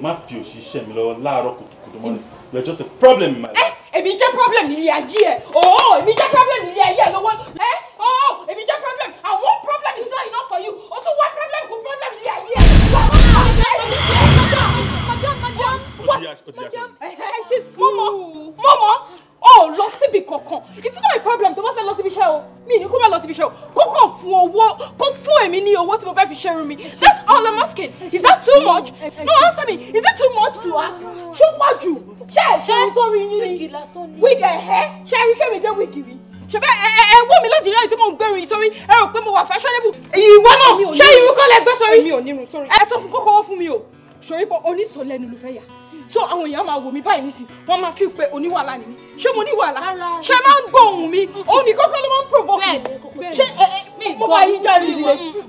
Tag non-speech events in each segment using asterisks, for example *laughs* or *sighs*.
má fi òṣìṣẹ́ mi lọ láàárọ̀ kùtùkùtù mọ́lẹ̀ you are just a problem in my eh, life. èmi jẹ́ problem nílé ayé ẹ̀ ooo oh, èmi jẹ́ problem nílé ayé ẹ̀ lọ́wọ́ ẹ̀ eh, ooo oh, èmi jẹ́ problem and one problem is not enough for you o tún wá problem kún problem nílé ayé ẹ̀. madam madam madam madam ẹ ṣe sùúrù mọ́mọ́ o lọ síbi kankan it's not a problem tó bá fẹ́ lọ síbi iṣẹ́ o mi ní kó má lọ síbi iṣẹ́ o kó kàn fún owó kó fún èmi ní owó tí mo fẹ́ fi ṣe irun that's all I'm asking is that too much no answer me is it too much to ask ṣó pọ̀jù ṣe ẹ̀ ṣe sórí yín ni wíìgì ẹ̀hẹ́ ṣe rí kémi dé wíìgì mi ṣebí ẹ ẹ wọ mi láti rí àyè tí mò ń gbẹrun yìí sórí ẹ rò pé mo wà fashionable ìwọ náà ṣé irun kọ́ lẹ gbé sórí ẹ sọ fún kókó wọ́n fún mi o ṣòrí pọ̀ oníṣòlẹ́nu ló fẹ́ yà so àwọn èèyàn máa wò mí báyìí nísìn wọ́n máa fi pé oníwàhálà ni mí ṣé mo níwàhálà ṣé máa ń gbọ́ ohùn mi òun nìkan kọ́ ló máa ń provoke mi ṣé mo bá yín jáde nílé.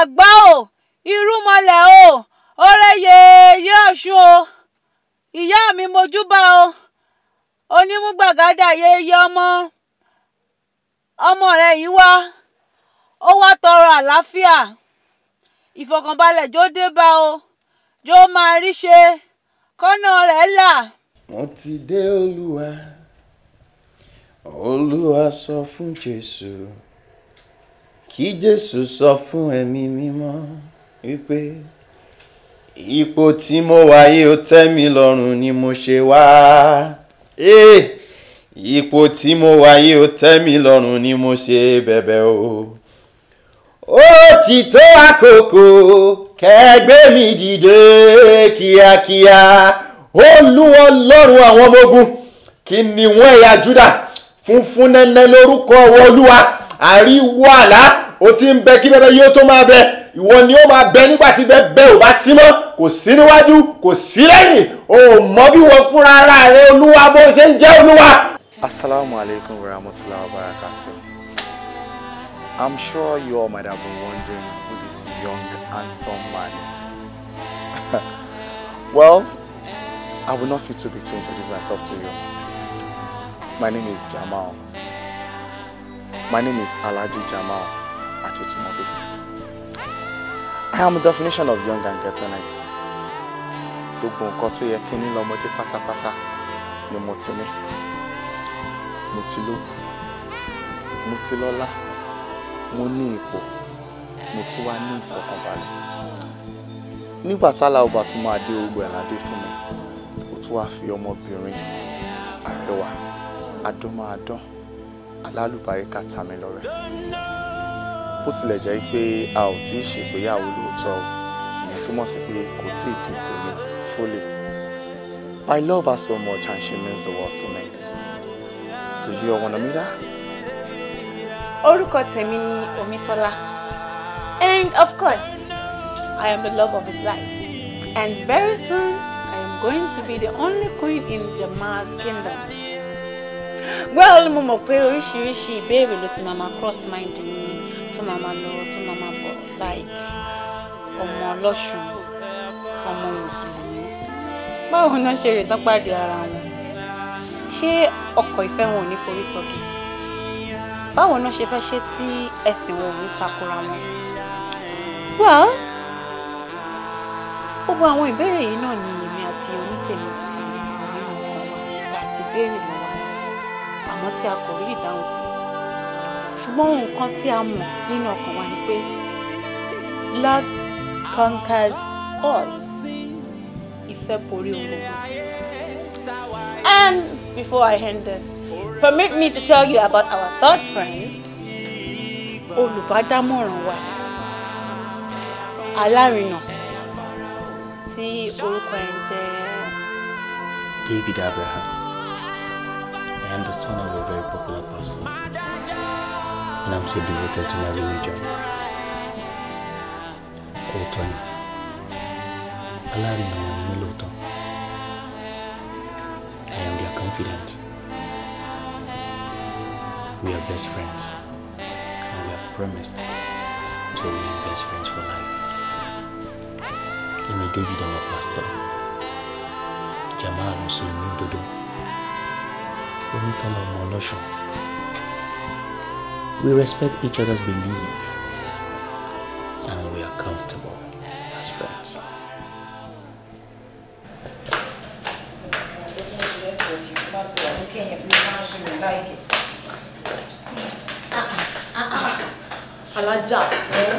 àgbá o irúnmọlẹ̀ o oore yèyé ọ̀ṣun o ìyá mi mojúbà o onímúgbàgádà yèyé ọmọ ọmọ rẹ yìí wá ó wá tọrọ àlàáfíà ìfọ̀kànbalẹ̀ jó dé bá o jó máa rí ṣe kọ́nà rẹ̀ là. wọ́n ti dé olúwa olúwa sọ fún jésù kí jésù sọ fún ẹ̀mí mímọ́ wípé ipò tí mo wà yìí ó tẹ́ mi lọ́rùn ni mo ṣe wá eh, ipò tí mo wà ó tẹ́ mi lọ́rùn ni mo ṣe bẹ̀bẹ̀ o ó ti tó àkókò kẹgbẹ́ mi dìde kíákíá olúwa ọlọ́run àwọn ọmọ ogun kí ni wọ́n ẹ̀yà júdà funfun nẹ́nẹ́ lórúkọ olúwa àríwá àlá o ti ń bẹ kí bẹ́bẹ́ yóò tó máa bẹ ìwọ ni ó máa bẹ nígbà tí bẹ́ẹ̀ ò bá sí mọ́ kò sí níwájú kò sí lẹ́yìn o ò mọ bí wọ́n fúnra ara rẹ olúwa bó ṣe ń jẹ́ olúwa. asalaamu wa rahmatulahi wa barakatu i'm sure you all might have been wondering who this young handsome man is *laughs* well i will not feel too big to introduce myself to you my name is Jamal my name is Alaji Jamal. Achetumobi. I am the definition of young and ghettonite. Gbogbo nǹkan tó yẹ kí ní lọ́mọdé pátápátá ni mo ti ní. Mo ti ló, mo ti lọ́lá, mo ní ipò, mo ti wá ní ìfọ̀kànbalẹ̀. Nígbà tálá ọba tó máa dé ogbó ẹ̀ ládé fún mi, ó tún wáá fi ọmọbìnrin àrẹwà, adọ́máadán, alálùbáríkà ta mi lọ́rẹ bó tilẹ̀ jẹ́ pé a ò tí ì ṣègbéyàwó lóòótọ́ ìyẹn túmọ̀ sí pé kò tí ì di tèmi fully. I love her so much and she means the world to me. Do you wanna meet her? Orúkọ tèmi ni Omitola and of course I am the love of his life and very soon I am going to be the only queen in Jamal's kingdom. Well, mo mọ̀ pé oríṣiríṣi ìbéèrè ló ti máa ma cross mind mi máa máa lọ tó máa máa bọ̀ like ọmọ ọlọ́ṣun ọmọ mùsùlùmí báwo náà ṣe rè tán pàdé ara wọn ṣé ọkọ̀ ìfẹ́ wọn ò ní forí sọ́kè báwo náà ṣe fẹ́ ṣe tí ẹ̀sìn wọn ò ní takora wọn. well gbogbo àwọn ìbéèrè yìí náà ni èmi àti onítèmi ti àwọn ọmọ wa tá a ti béèrè lọ́wọ́ àmọ́ tí a kò rí ìdáhùn sí ṣùgbọ́n nǹkan tí a mọ̀ nínú ọkàn wa ni pé love conquers all ìfẹ́ borí ogun. And before I end this, permit me to tell you about our third friend, olùbádámọ̀ràn wa, alárinà, tí orúkọ ẹ̀ ń jẹ́. David Abraham. I am the son of a very popular person and I'm so devoted to my religion. Otoni, ni, alárinà wọn ni mí I am their confidant. We are best friends and we have promised to remain best friends for life. Èmi David ọmọ pásítọ̀, Jamal Mùsùlùmí òdodo, onítọ́lọ́ ọmọ ọlọ́ṣun. We respect each other's belief and we are comfortable as friends. alájà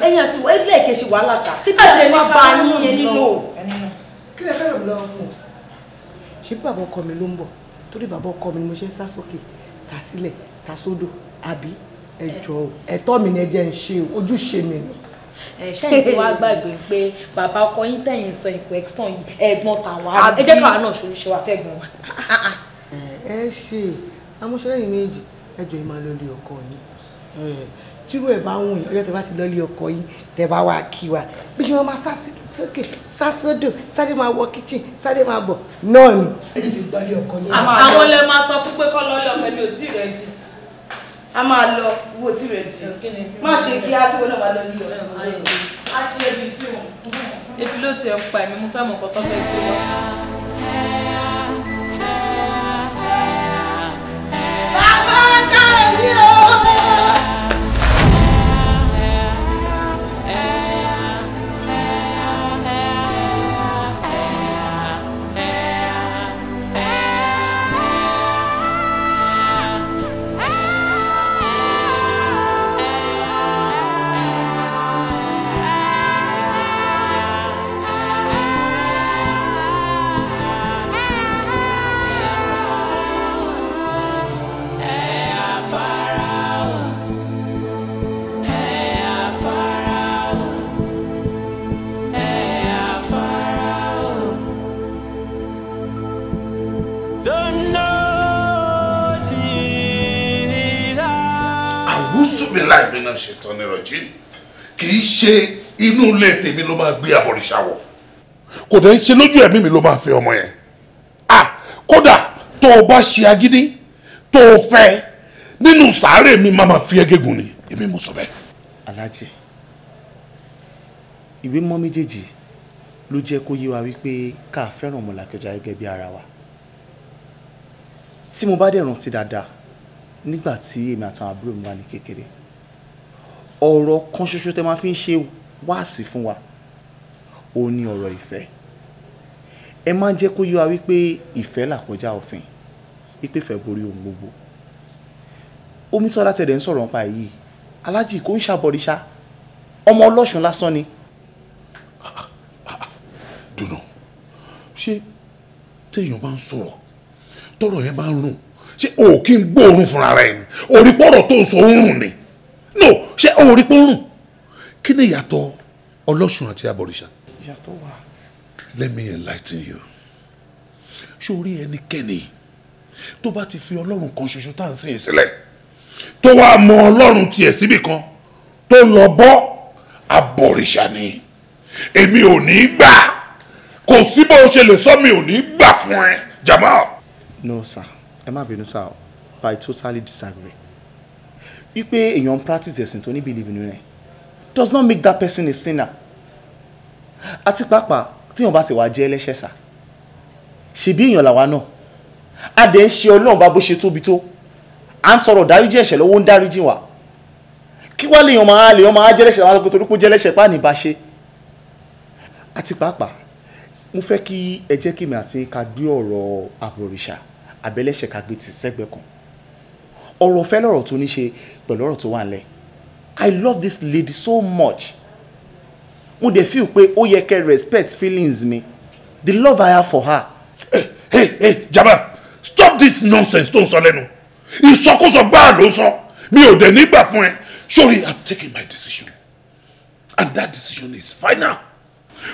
ẹ̀yin àti ìwà ilé ìkẹsì wàhálà ṣá síbi àti ẹni bá yín ẹni lò. kí lè fẹ́ràn lọ fún un. ṣé bàbá ọkọ mi ló ń bọ̀ mi ni mo ṣe ń sá ẹ jọ ẹ̀tọ́ mi ni ẹ jẹ́ ń ṣe ojúṣe mi ni ṣẹ́yìn tí wàá gbàgbé pé bàbá ọkọ yín tẹ̀yìn sọ ìpò ẹ̀tàn yìí ẹ̀gbọ́n tàwa ẹ jẹ́ káwa náà ṣoríṣẹ́ wa fẹ́gbọ́n wa. Ah, ah. ẹ ṣe amúṣẹ́lẹ́yìn méjì ẹjọ́ yìí máa lọ́ọ́ lé ọkọ yín tírú ẹ̀ bá ń wùn yín ọjọ́ tẹ bá ti lọ́ọ́ lé ọkọ yín tẹ bá wá kí wa bí ṣe máa sá sókè sá sódò sáré máa wọ kíchìn sáré máa bọ̀ náà ni. ẹ jẹ́ kí n gbọ́ lé ọkọ yín. àwọn lè máa sọ fún pé kọ́ lọ́ọ́ lọ́ọ́ pẹ̀lú òtí rẹ̀ jì a máa lọ owó tí rẹ̀ jù má ṣe kí a tó náà máa lọ ní ọ̀rọ̀ a ṣe ẹbí fíìmù. ebi ló ti ẹ̀ ń pa èmi mo fẹ́ mọ̀ kọ́kọ́ fẹ́ gbé wá. bàbá káyọ̀ ní o. ṣètọ́ni rọ̀jìn kì í ṣe inú ilé tèmi ló máa gbé àbọ̀rìṣà wọ̀ kò dẹ̀ ṣe lójú ẹ̀mí mi ló máa fẹ́ ọmọ yẹn ah kódà tó o bá ṣe agídí tó o fẹ́ nínú sàárè mi máa máa fi ẹgẹ́gùn ni èmi mo sọ bẹ́ẹ̀. aláàjì ìwé mọ́ méjèèjì ló jẹ́ kó yé wa wípé ká fẹ́ràn ọmọlàkẹjà gẹ́gẹ́ bí ara wa tí mo bá dẹ̀ rántí dáadáa nígbà tí èmi àtàwọn àbúrò mi wà ní kékeré ọ̀rọ̀ kan ṣoṣo tẹ́ máa fi ń ṣe wáàsí fún wa ó ní ọ̀rọ̀ ìfẹ́ ẹ máa jẹ́ kó yé wa wípé ìfẹ́ làkọjá òfin wípé ìfẹ́ borí ohun gbogbo omi tí ọ̀dà tẹ̀lẹ̀ ń sọ̀rọ̀ nípa èyí alájì kò ń ṣàbọ̀rìṣà ọmọ ọlọ́ṣun lásán ni. dùnà ṣé téèyàn bá ń sọ̀rọ̀ tọ́rọ̀ yẹn bá ń rùn ṣé o kì í gbóòórùn fúnra rẹ̀ ni orí pọ́rọ̀ tó ń sọ òórùn ni no ṣé o ò rí pọ́nrún kí ni ìyàtọ̀ ọlọ́ṣun àti abọ̀rìṣà. ìyàtọ̀ wà. let me enlighten you sórí ẹnikẹ́ni tó bá ti fi ọlọ́run kan ṣoṣo tá à ń sìn ín sílẹ̀ tó wàá mọ ọlọ́run tiẹ̀ síbì kan tó lọ bọ́ abọ̀rìṣà ni èmi ò ní gbà kò sí bó ṣe lè sọ mi ò ní gbà fún ẹ Jamal. no sir ẹ má bínú sir i totally disagree wípé èèyàn ń practice ẹ̀sìn tó ní believe in ẹ̀ does not make that person a sinner àti pàápàá téèyàn bá ti wá jẹ́ ẹlẹ́ṣẹ̀ sà ṣèbí èèyàn làwa náà a dẹ̀ ń ṣe ọlọ́run bá bó ṣe tóbi tó à ń tọrọ dáríjì ẹ̀ṣẹ̀ lọ́wọ́ ń dáríjì wá kí wá lèèyàn máa lèèyàn máa jẹ́lẹ́ṣẹ̀ láwọn akókò torí jẹ́lẹ́ṣẹ̀ pa ní ìbáṣe àti pàápàá mo fẹ́ kí ẹ jẹ́ kí mi àti ká gbé ọ̀rọ̀ àbòrìṣà àbẹ́lẹ́ṣẹ̀ ká gbé ti sẹ́gbẹ̀ẹ́ kan ọ̀rọ̀ fẹ́ lọ́rọ̀ tó ní ṣe pẹ̀lú ọ̀rọ̀ tó wà nílẹ̀ i love this lady so much mo dey feel pé ó yẹ kẹ́ respect feelings mi the love i have for her. ẹ ẹ ẹ jaba stop this nonsense tó ń sọ lẹ́nu ìsọkúsọ gbáà ló ń sọ mi ò dẹ̀ nígbà fún ẹ surely i have taken my decision and that decision is final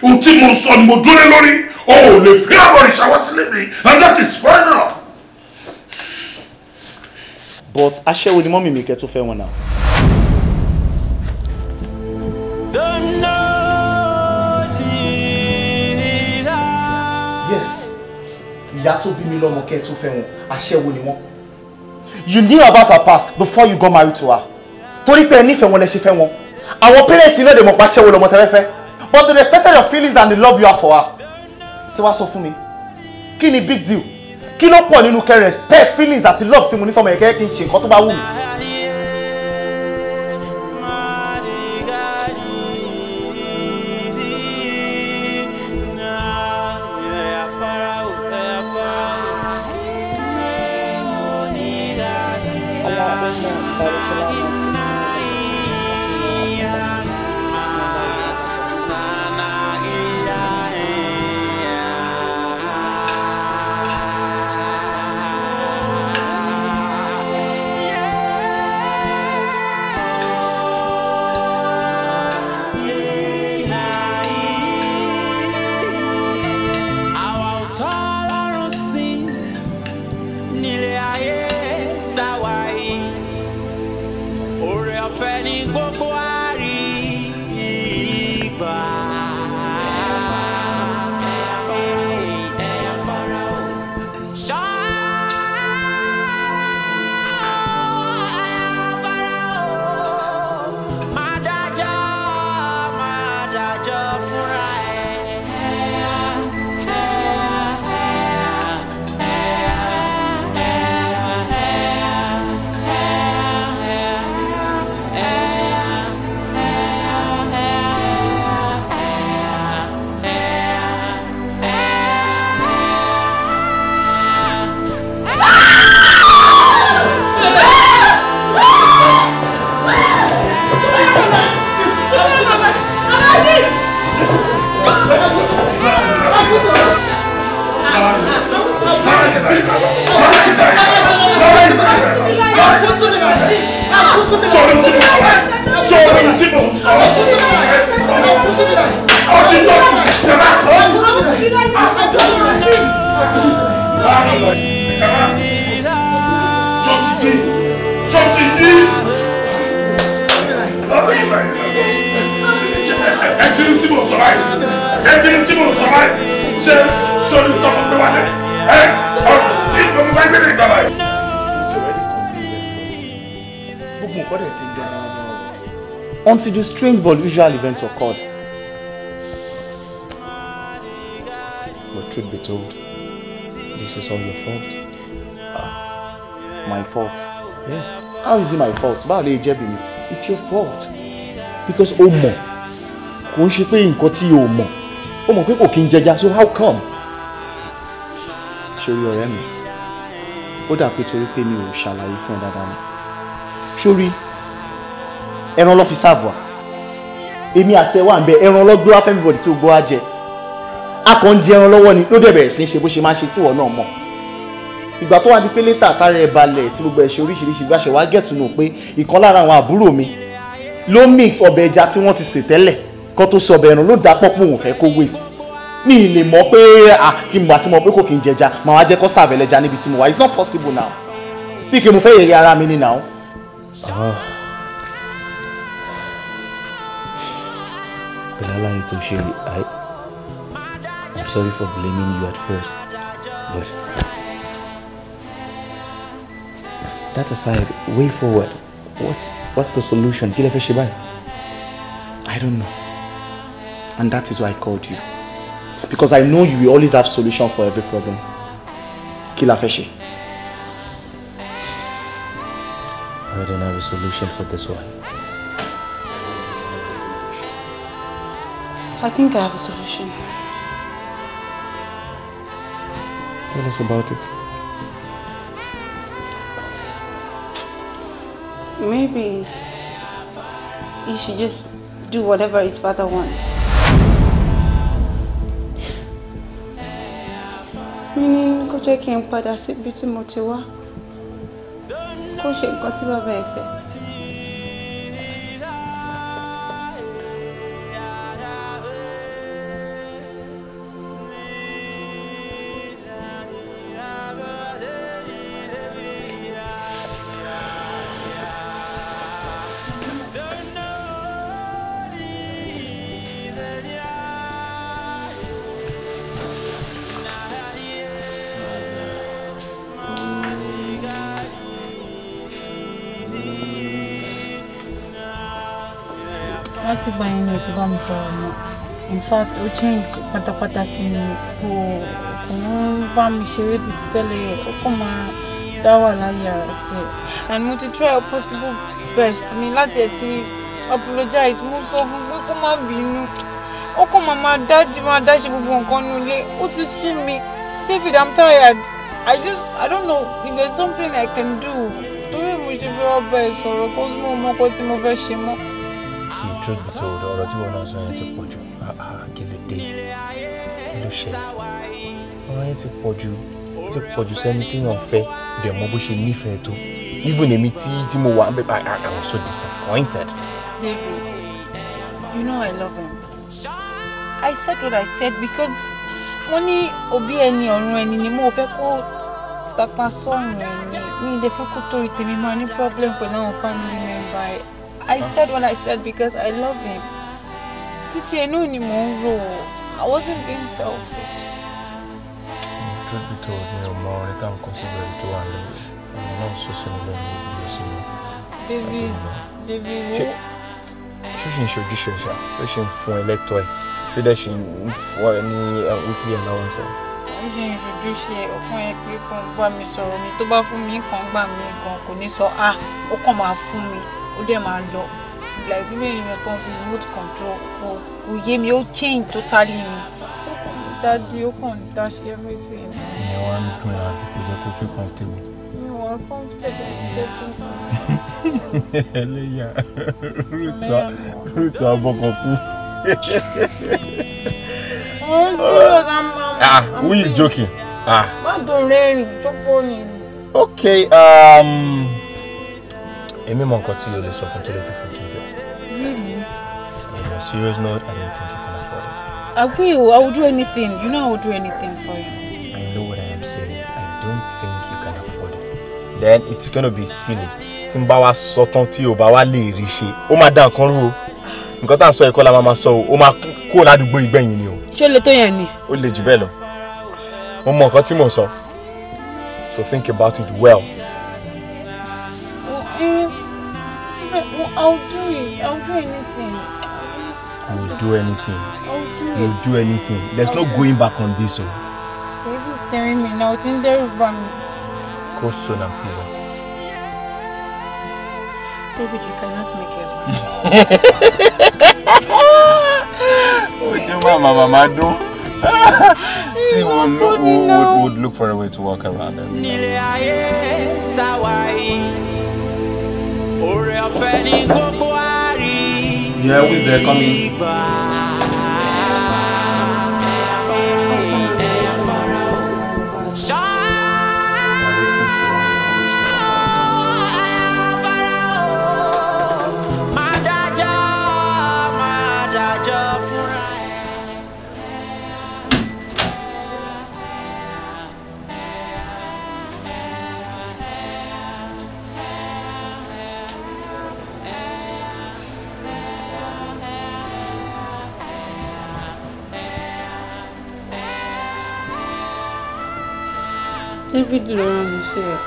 ohun tí mo sọ ni mo dúró lórí o ò lè fi àbọ̀ ìṣàwọ́sílẹ̀ mi and that is final but aṣẹ́wó ni mọ́mì mi kẹ́ tó fẹ́ wọn náà. yes ìyá tó bí mi lọ́mọ kẹ́ tó fẹ́ wọn aṣẹ́wó ni wọ́n. you knew about her past before you got married to her torí pé ẹ nífẹ̀ẹ́ wọn lẹ ṣe fẹ́ wọn àwọn parents náà dẹ̀ mọ̀ pa aṣẹ́wó lọ́mọ tẹ́lẹ̀ fẹ́ but they respected your feelings and the love you have for her. ṣé wàá sọ fún mi kí ni big deal kí ló pọ̀ nínú kẹ́ respect feelings àti love tí mo ní sọmọ ẹ̀kẹ́ kí n ṣe nǹkan tó bá wù mí. Usual events occurred. But truth be told, this is all your fault. Ah, my fault? Yes. How is it my fault? Báwo lè jẹ́ It's your fault. Because Omo, mọ̀, kò ń ṣe pé nǹkan tí o mọ̀, o so how come? Ṣorí ọ̀rẹ́ mi, ó dà pé torí pé mi ò ṣàlàyé fún ẹ dáadáa ni. Ṣorí, ẹran ló fi sáàbù èmi àti ẹ ń bẹ ẹran ọlọ́gbọ́n afẹ́mìbọ̀dì tí gbogbo wa jẹ akànjẹ ẹran lọ́wọ́ ni ló dẹ̀ bẹ̀rẹ̀ sí í ṣe bó ṣe máa ń ṣe tíwọ́ náà mọ̀ ìgbà tó wá di pé létà tára ẹ balẹ̀ tí gbogbo ẹ̀ ṣe oríṣiríṣi ìgbà ṣe wá gẹ̀tù pé ìkan lára àwọn àbúrò mi ló mix ọbẹ̀ ẹja tí wọ́n ti sè tẹ́lẹ̀ kó tó sọ ọbẹ̀ ẹran ló dà pọ́pọ́ waste mi ì lè mọ̀ ti mọ̀ pé kò kí n jẹja màá wá jẹ́ kó sàbẹ̀lẹ̀ja níbi not possible now bí kí mo fẹ́ yẹ̀yẹ́ now. Ah. Dala Itoshiri, I, I'm sorry for blaming you at first, but that aside, way forward, what's, what's the solution? Kilefeshibai? I don't know. And that is why I called you. Because I know you will always have solution for every problem. feshi. I don't have a solution for this one. I think I have a solution. Tell us about it. Maybe he should just do whatever his father wants. Meaning, kó jẹ́ kí n padà síbi tí mo ti wá. Kó ṣe nǹkan bá mi in fact ó change pátápátá sí mi kò kò ń bá mi ṣeré bíi ti tẹ́lẹ̀ ó kàn máa dá wà láyé ara tiẹ̀ and mo ti try possible best mi láti ẹ̀ ti apologize mo sọ fún pé kó má bínú ó kàn máa máa dájú máa dáṣe gbogbo nǹkan ti sú mi David I'm tired I just I don't know if there's something I can do torí mo ṣe fẹ́ ọba ẹ̀ sọ̀rọ̀ kó mọ̀ ọmọkọ tí mo fẹ́ ṣe mọ́ truth be told ọ̀rọ̀ tí wọ́n náà sọ yẹn ti pọ̀ jù kí ló dé kí ló ṣẹlẹ̀ ọ̀rọ̀ yẹn ti pọ̀ jù ti pọ̀ jù sẹ́ni téèyàn fẹ́ bẹ̀ mọ bó ṣe nífẹ̀ẹ́ tó even èmi tí tí mo wà bẹ́ẹ̀ I I was so disappointed. David you know I love him I said what I said because wọ́n ní òbí ẹni ọ̀run ẹni ni mo fẹ́ kó tata sọ̀rùn ẹni mi ìdẹ́fẹ́ kó torí tèmi máa ní problem pẹ̀lú àwọn family member I said what I said because I love him. Titi, I know mò ń I wasn't being selfish. Truth be told, me ò mọ orin táwọn consider it ìbẹ̀rù tó wà lẹ́yìn. Ọmọ náà sọ sí mi lẹ́nu ìbílẹ̀ sí mi. David, David. Ṣé ṣé ṣe ń ṣojúṣe ṣá? Ṣé ṣe ń fún ẹlẹ́tọ̀ ẹ̀? Ṣé dẹ̀ ṣe ń fún ẹ ní uh, weekly allowance ẹ̀? Ó ṣe ń ṣojúṣe ọkàn ẹ pé kàn gbà mí sọ̀rọ̀ mi tó bá fún mi kàn gbà mí kàn kò ní sọ ah ó kàn máa fún mi ó dẹ̀ máa lọ like bí mẹ́rin yẹn kan fi remote control kò kò yé mi ó change totally mi dadi ó kàn ń dá ṣe everything. ẹ wá ń dùn ẹ àbí kò jẹ́ kó feel comfortable. mi ò wá comfortable with *laughs* everything. ẹlẹ́yà rúùtù abọ́kọ̀ kú. *laughs* Oh, mo ń serious am. ah who is joking. ah. má dùn rẹ́rìn-ín jókòó ni. okay. Um, èmi mọ nǹkan tí o lè sọ fún tẹ́lẹ̀ fífún kí n jọ. really. on a serious note i don't think you can afford it. i will i will do anything you know i will do anything for you. i know what i am saying i don't think you can afford it then it's gonna be silly tí n bá wa sọ tán tí o bá wa lè rí ṣe ó máa dá nǹkan rú o nǹkan tá à ń sọ ìkọlà máa ma sọ o ó máa kó ládùúgbò ìgbẹ̀yìn ni o. ṣé o lè tó yẹn ni. ó lè jù bẹ́ẹ̀ lọ mo mọ nǹkan tí mò sọ so think about it well. I'll do it. I'll do anything. I will do anything. I'll do it. will do anything. There's I'll no going back on this. Oh. Baby's staring me now. It's in there from me. Coach and please. Baby, you cannot make it. *laughs* we do, Mama, Mama, do. *laughs* See, we would we'll, we'll, we'll look for a way to walk around it oore ọ̀fẹ́ ni gbogbo àrí. you always there coming. David ló rán mi sí rẹ̀.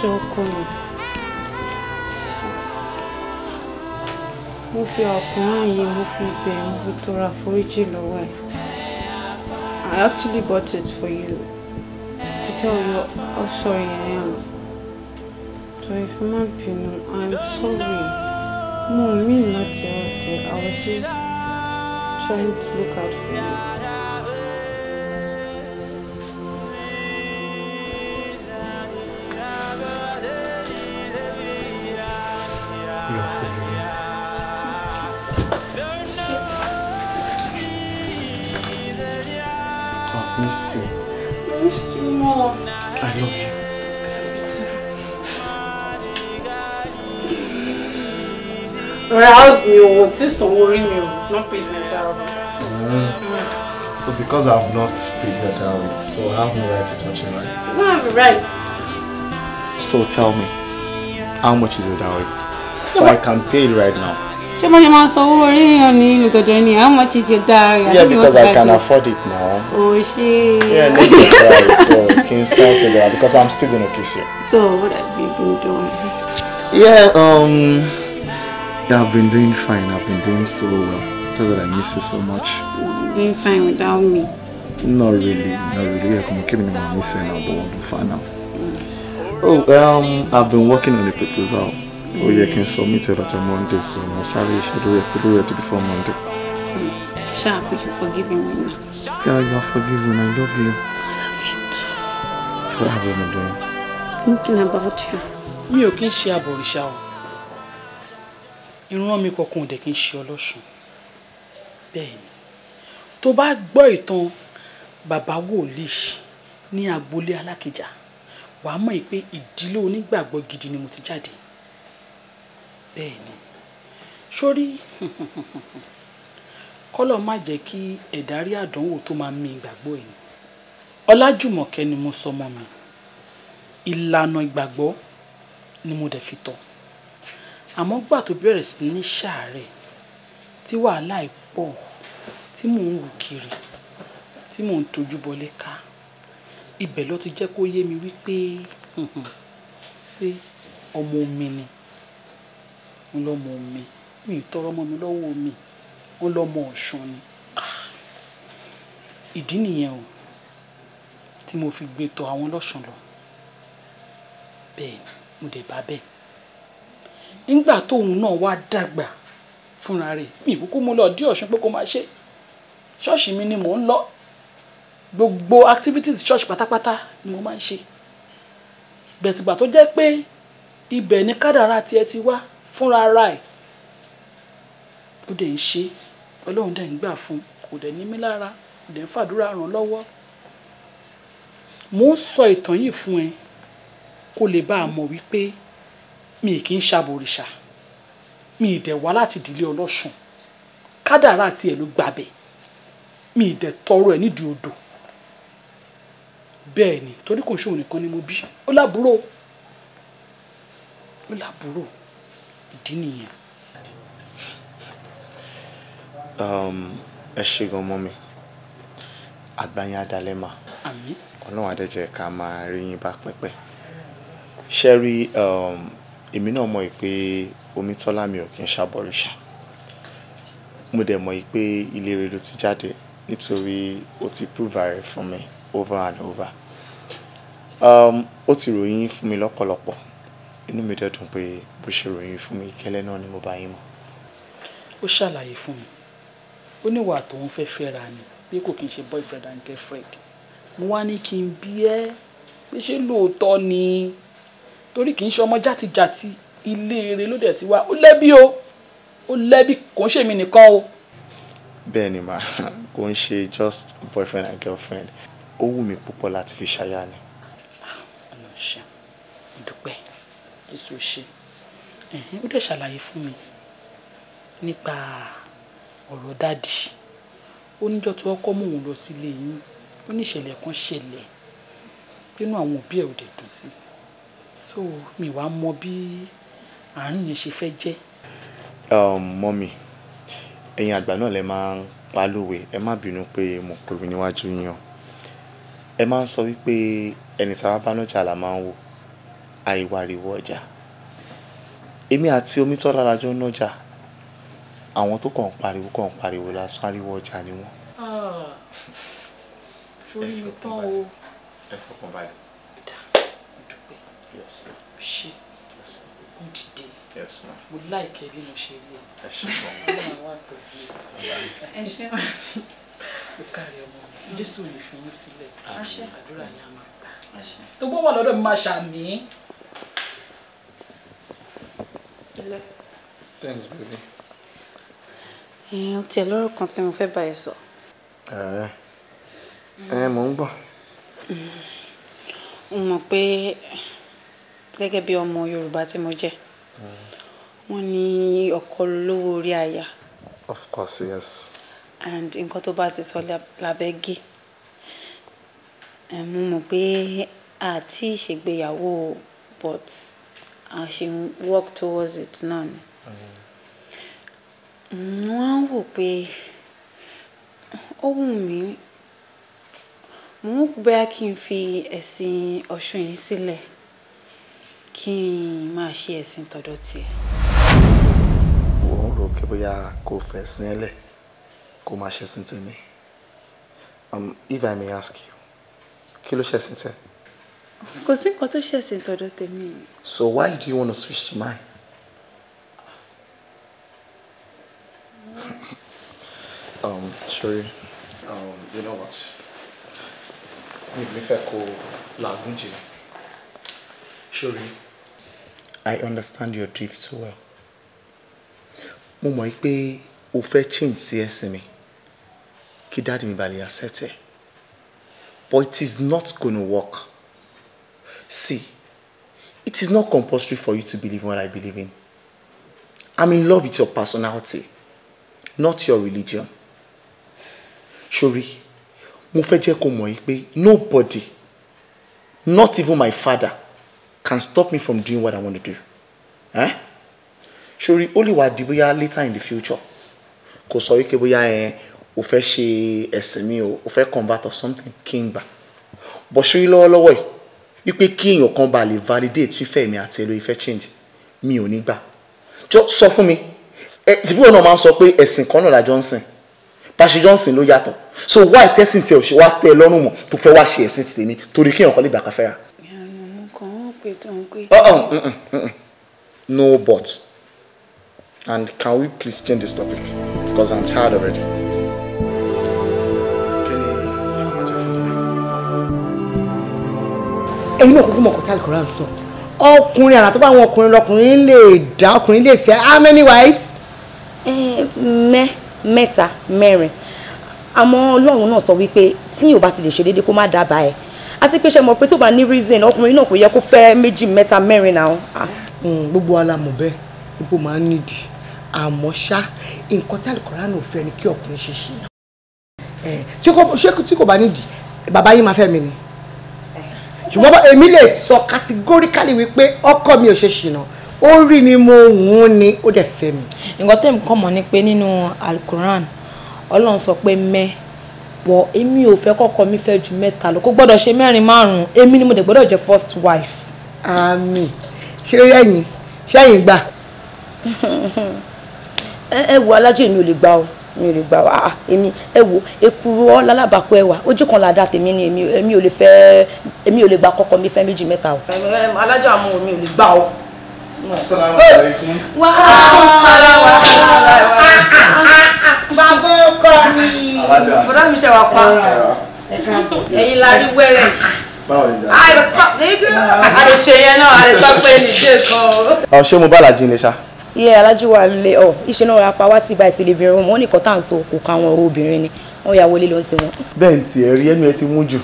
jọ ọkọ mi mo fi ọkùnrin yìí mo fi bẹ̀ mo fi tọrọ àforíjì lọ́wọ́ ẹ̀ I actually bought it for you to tell you how sorry I am so if you ma bínú I I'm sorry. No, me not nothing, I was just trying to look out for you. help me o tí sanwó orí mi o not paid my dowry. Mm-hmm. So because I've not paid your dowry, so I have no right to touch you, right? You don't have a right. So tell me, how much is your dowry? So I can pay it right now. Ṣé mo ṣe máa sanwó orí yan ní ìlú tọ̀dọ̀ ni? How much is your dowry? Yeah, because I can afford it now. Oh, ṣe. Yeah, let me try. so can you stop it there? Because I'm still gonna kiss you. So what have you been doing? Yeah, um... Yeah, I've been doing fine. I've been doing so well. Just that I miss you so much. doing fine without me? Not really, not really. Yeah, come keeping my missing now, but we'll find out. Mm. Oh, um, I've been working on the proposal. Oh, yeah, can submit it on Monday, so I'm sorry, I should it, do it before Monday. Sharp, you forgive me now. Yeah, you are forgiven. I love you. I love it. That's what you been doing. Thinking about you. Me, okay, kí ń ṣe àbọ̀rìṣà o ìran mi kankan ò dẹ̀ kí n ṣe ọlọ́ṣun bẹ́ẹ̀ ni tó bá gbọ́ ìtàn bàbá wòlíì ní agboolé alákìjà wàá mọ̀ pé ìdílé onígbàgbọ́ gidi ni mo ti jáde bẹ́ẹ̀ ni sórí *laughs* kọ́lọ̀ má jẹ́ kí ẹ̀dá rí àdánwò tó máa mi ìgbàgbọ́ ẹ̀ ni ọlájùmọ̀kẹ́ ni mo sọmọ mi ìlànà ìgbàgbọ́ ni mo dẹ̀ fi tọ́ àmọ́ gbà tó bẹ̀rẹ̀ sí ní ṣàárẹ̀ tí wàhálà yìí pọ̀ tí mò ń wù kiri tí mò ń tọ́jú bọlé ká ibẹ̀ ló ti jẹ́ kó yé mi wípé pé ọmọ omi ni ń lọ́mọ omi mi ì tọrọ ọmọ mi lọ́wọ́ omi ń lọ́mọ ọ̀ṣun ni ah! ìdí nìyẹn o tí mo fi gbé tọ̀ àwọn lọ́ṣun lọ bẹ́ẹ̀ mo dẹ̀ bá bẹ́ẹ̀ ńgbà tóun náà wá dàgbà fúnra rẹ̀ mi ìkúkú mú lọ dí ọ̀ṣun pé kó máa ṣe ṣọ́ọ̀ṣì mi ni mò ń lọ gbogbo activities church pátápátá ni mo máa ń ṣe bẹ̀tìgbà tó jẹ́ pé ibẹ̀ ni kádàrá tiẹ̀ ti wá fúnra ara ẹ̀ ó dẹ̀ ń ṣe ọlọ́run dẹ̀ ń gbà fún kò dẹ̀ ní mí lára kò dẹ̀ ń fàdúrà ràn lọ́wọ́ mo ń sọ ìtàn yìí fún ẹ kó lè bá a mọ̀ wípé mi kì í ṣàbòrìṣà mi ìdẹ̀ wá láti ìdílé ọlọ́sùn kádàrá tiẹ̀ ló gbàbẹ̀ mi ìdẹ̀ tọrọ ẹ̀ nídìí odò bẹ́ẹ̀ ni torí kò ṣòwò nìkan ni mo bí ó lábúrò ó lábúrò ìdí nìyẹn. Um, ẹ ṣe gan mọ́ mi àgbáyé adalẹ́ mà ọlọ́run adẹ́jẹ́ ká máa rí yín bá pẹ́pẹ́ ṣe rí um, èmi náà mọ̀ pé Omítọ́lá mi ò kí ń ṣàbọ̀rìṣà. Mo dẹ̀ mọ̀ pé ilé rere ti jáde nítorí ó ti prove rẹ̀ fún mi over and over. Um, ó ti ròyìn fún mi lọ́pọ̀lọpọ̀. Inú mi dẹ̀ dùn pé bó ṣe ròyìn fún mi gẹ́lẹ́ náà ni mo bá yín mọ̀. Ó ṣàlàyé fún mi. Ó ní ìwà tóun fẹ́ fẹ́ra ni pé kò kí n ṣe boyfriend and girlfriend. Mo wá ní kí n bi ẹ́ pé ṣé lóòótọ́ ni torí kì í ṣọmọ játijàti ilé eré ló dẹ̀ ti wá ó lẹ́bí o ó lẹ́bí kò ń ṣe mí nìkan o. bẹ́ẹ̀ ni màá kò ń ṣe just boyfriend and girlfriend ó wù mí púpọ̀ láti fi ṣaya ni. ọ̀nà ṣe dúpẹ́ jésù ṣe ó dẹ̀ ṣàlàyé fún mi nípa ọ̀rọ̀ dáàdì ó níjọ́ tí wọ́n kọ́ mòun lọ sílé yín ó ní ìṣẹ̀lẹ̀ kan ṣẹlẹ̀ nínú àwọn òbí ẹ̀ ò dẹ̀ dùn sí i so mi wàá mọ bí àárín yẹn ṣe fẹ́ jẹ́. Um, mọ́mì ẹ̀yin àgbà náà lè máa ń palówe ẹ má bínú pé mo pèrò níwájú yín o ẹ máa ń sọ wípé ẹni tá a bá lọ́jà la máa ń wò àìwáriwo ọjà èmi àti omítọ́ra lajọ ń lọ́jà àwọn tó kàn ń pariwo kàn ń pariwo lásán ariwo ọjà ni wọ́n. sórí ah, mi tán o. ẹ fọkàn balẹ̀ yes o ṣe o dìde mo láìkẹ́ bí mo ṣe rí ẹ ọlọ́run wà pẹ̀lú ẹ ṣe o kárí ọmọ mi jésù ò lè fi yín sílẹ̀ àdúrà yẹn a máa gbà tó gbọ́ wà lọ́dọ̀ mi máa ṣàmì. thanks baby. ẹ̀yin tiẹ̀ lọ́rọ̀ kan tí mo fẹ́ bá ẹ sọ. ẹ ẹ mò ń gbọ́. mo mọ̀ pé gẹ́gẹ́ bí ọmọ Yorùbá tí mo jẹ́ wọ́n ní ọkọ lówó orí aya. of course yes. and nǹkan tó bá ti sọ lábẹ́ gé mo mọ̀ pé àti ìṣègbéyàwó but a ṣe ń work towards it náà ni. wọ́n mm. á wò pé ó wù mí mo mú bóyá kí n fi ẹ̀sìn Ọ̀ṣun yìí sílẹ̀ kí n máa ṣe ẹ̀sìn tọ̀dọ̀ tiẹ̀. wò ń rò kí bóyá kò fẹ́ sin ẹ́ kó máa ṣẹ̀sìn tèmi um, if I may ask you kí ló ṣẹ̀sìn tẹ̀. kò sí nǹkan tó ṣẹ̀sìn tọ̀dọ̀ tèmi. so why do you want to switch to mine. *laughs* um, sorry um, you know what mi fẹ́ kó làágùn jìnnà. Ṣori, I understand your drift so well. Mo mọ̀ pé o fẹ́ change sí ẹ̀sìn mi kí dáàdì mi balẹ̀ accept But it is not gonna work. See, it is not compulsory for you to believe what I believe in. I'm in love with your personality, not your religion. Ṣori, mo fẹ́ jẹ́ kó mọ̀ pé nobody, not even my father can stop me from doing what I want to do. Eh? Surely only what wá di later in the future kò sorry, wípé bóyá ẹ o fẹ́ ṣe ẹ̀sìn convert or something king n But surely all the way, you pick king or bá lè validate fífẹ́ mi àti ẹlò ìfẹ́ change mi ò ní gbà jọ sọ fún mi ẹ ìdìbò náà máa ń sọ pé ẹ̀sìn kan náà la jọ ń pàṣẹ johnson ló yàtọ̀ so why testing tell she ṣe tell tẹ́ ẹ lọ́rùn mọ̀ tó fẹ́ wá ṣe ẹ̀sìn tèmi torí kí èèyàn kan lè gbà káfẹ́ra Uh uh uh, uh uh. no but and can we please change this topic because i'm tired already. ẹ̀yin náà kúkú mọ̀ kọ́tà alukoran sọ ọkùnrin àrà tó bá wọn ọkùnrin lọkùnrin lè dá ọkùnrin lè fẹ́ how many wives. ẹ eh, mẹ mẹ́ta mẹ́rin àmọ́ Ọlọ́run náà sọ wípé tí yóò bá ti lè ṣe déédéé kó má dábàá ẹ àti pé ṣe mọ̀ pé tó bá ní reason ọkùnrin náà kò yẹ kó fẹ́ méjì mẹ́ta mẹ́rin náà. Ah. Hmm, gbogbo wa la mọ̀ bẹ́ẹ̀ gbogbo máa ń nídìí àmọ́ ṣá nǹkan tí alukọ̀ránù fẹ́ ni kí ọkùnrin ṣe ṣe eh, ṣé tí kò bá nídìí bàbá yín máa fẹ́ mi ni ṣùgbọ́n èmi lè sọ categorically wípé ọkọ mi ò ṣe ṣìnà ó rí mi mo hùn ni ó dẹ̀ fẹ́ mi. nǹkan tẹ̀mí kọ́ mọ̀ ni pé nínú alukoran ọlọ́run sọ pé mẹ́ẹ́ bọ̀ èmi ò fẹ́ kọ́kọ́ mi fẹ́ ju mẹ́ta lọ kó gbọ́dọ̀ ṣe mẹ́rin márùn-ún èmi ni mo dẹ̀ gbọ́dọ̀ jẹ́ first wife. àmín ṣé ó yẹ̀yìn ṣẹ́yìn gbà. *laughs* ẹ wo alájẹ mi ò lè gbà o mi ò lè gbà o ah, ah, èmi ẹ wo ekuru ọ lálábàápọ̀ ẹwà ojú kan làdá tèmi ni èmi ò lè fẹ́ èmi ò lè gbà kọ́kọ́ mi fẹ́ méjì mẹ́ta o. alájà mo mi ò lè gbà o. Assalamu alaikum. Wa alaikum ah, salam wa rahmatullahi. Ah, ah, Bàbá ọkọ mi. Bọ́dá mi ṣe wà pa. Ẹ̀yin la rí wẹ́rẹ̀. Báwo ni ìjà? Àìlè pa nígbà àlè ṣe yẹn náà àlè sọ pé nìṣe kan. Ọ̀ ṣé mo bá Alájí ni ṣá? Iye Alájí wà nílé ọ̀ iṣẹ́ náà apá wá ti ba ìsìlè bìnrin wọn. Wọ́n ní kọ́tà ń so kò ká àwọn obìnrin ni. Wọ́n yà wọlé ló ń tiwọn. Bẹ́ẹ̀ ni tiẹ̀ rí ẹnu ẹ ti mú jù.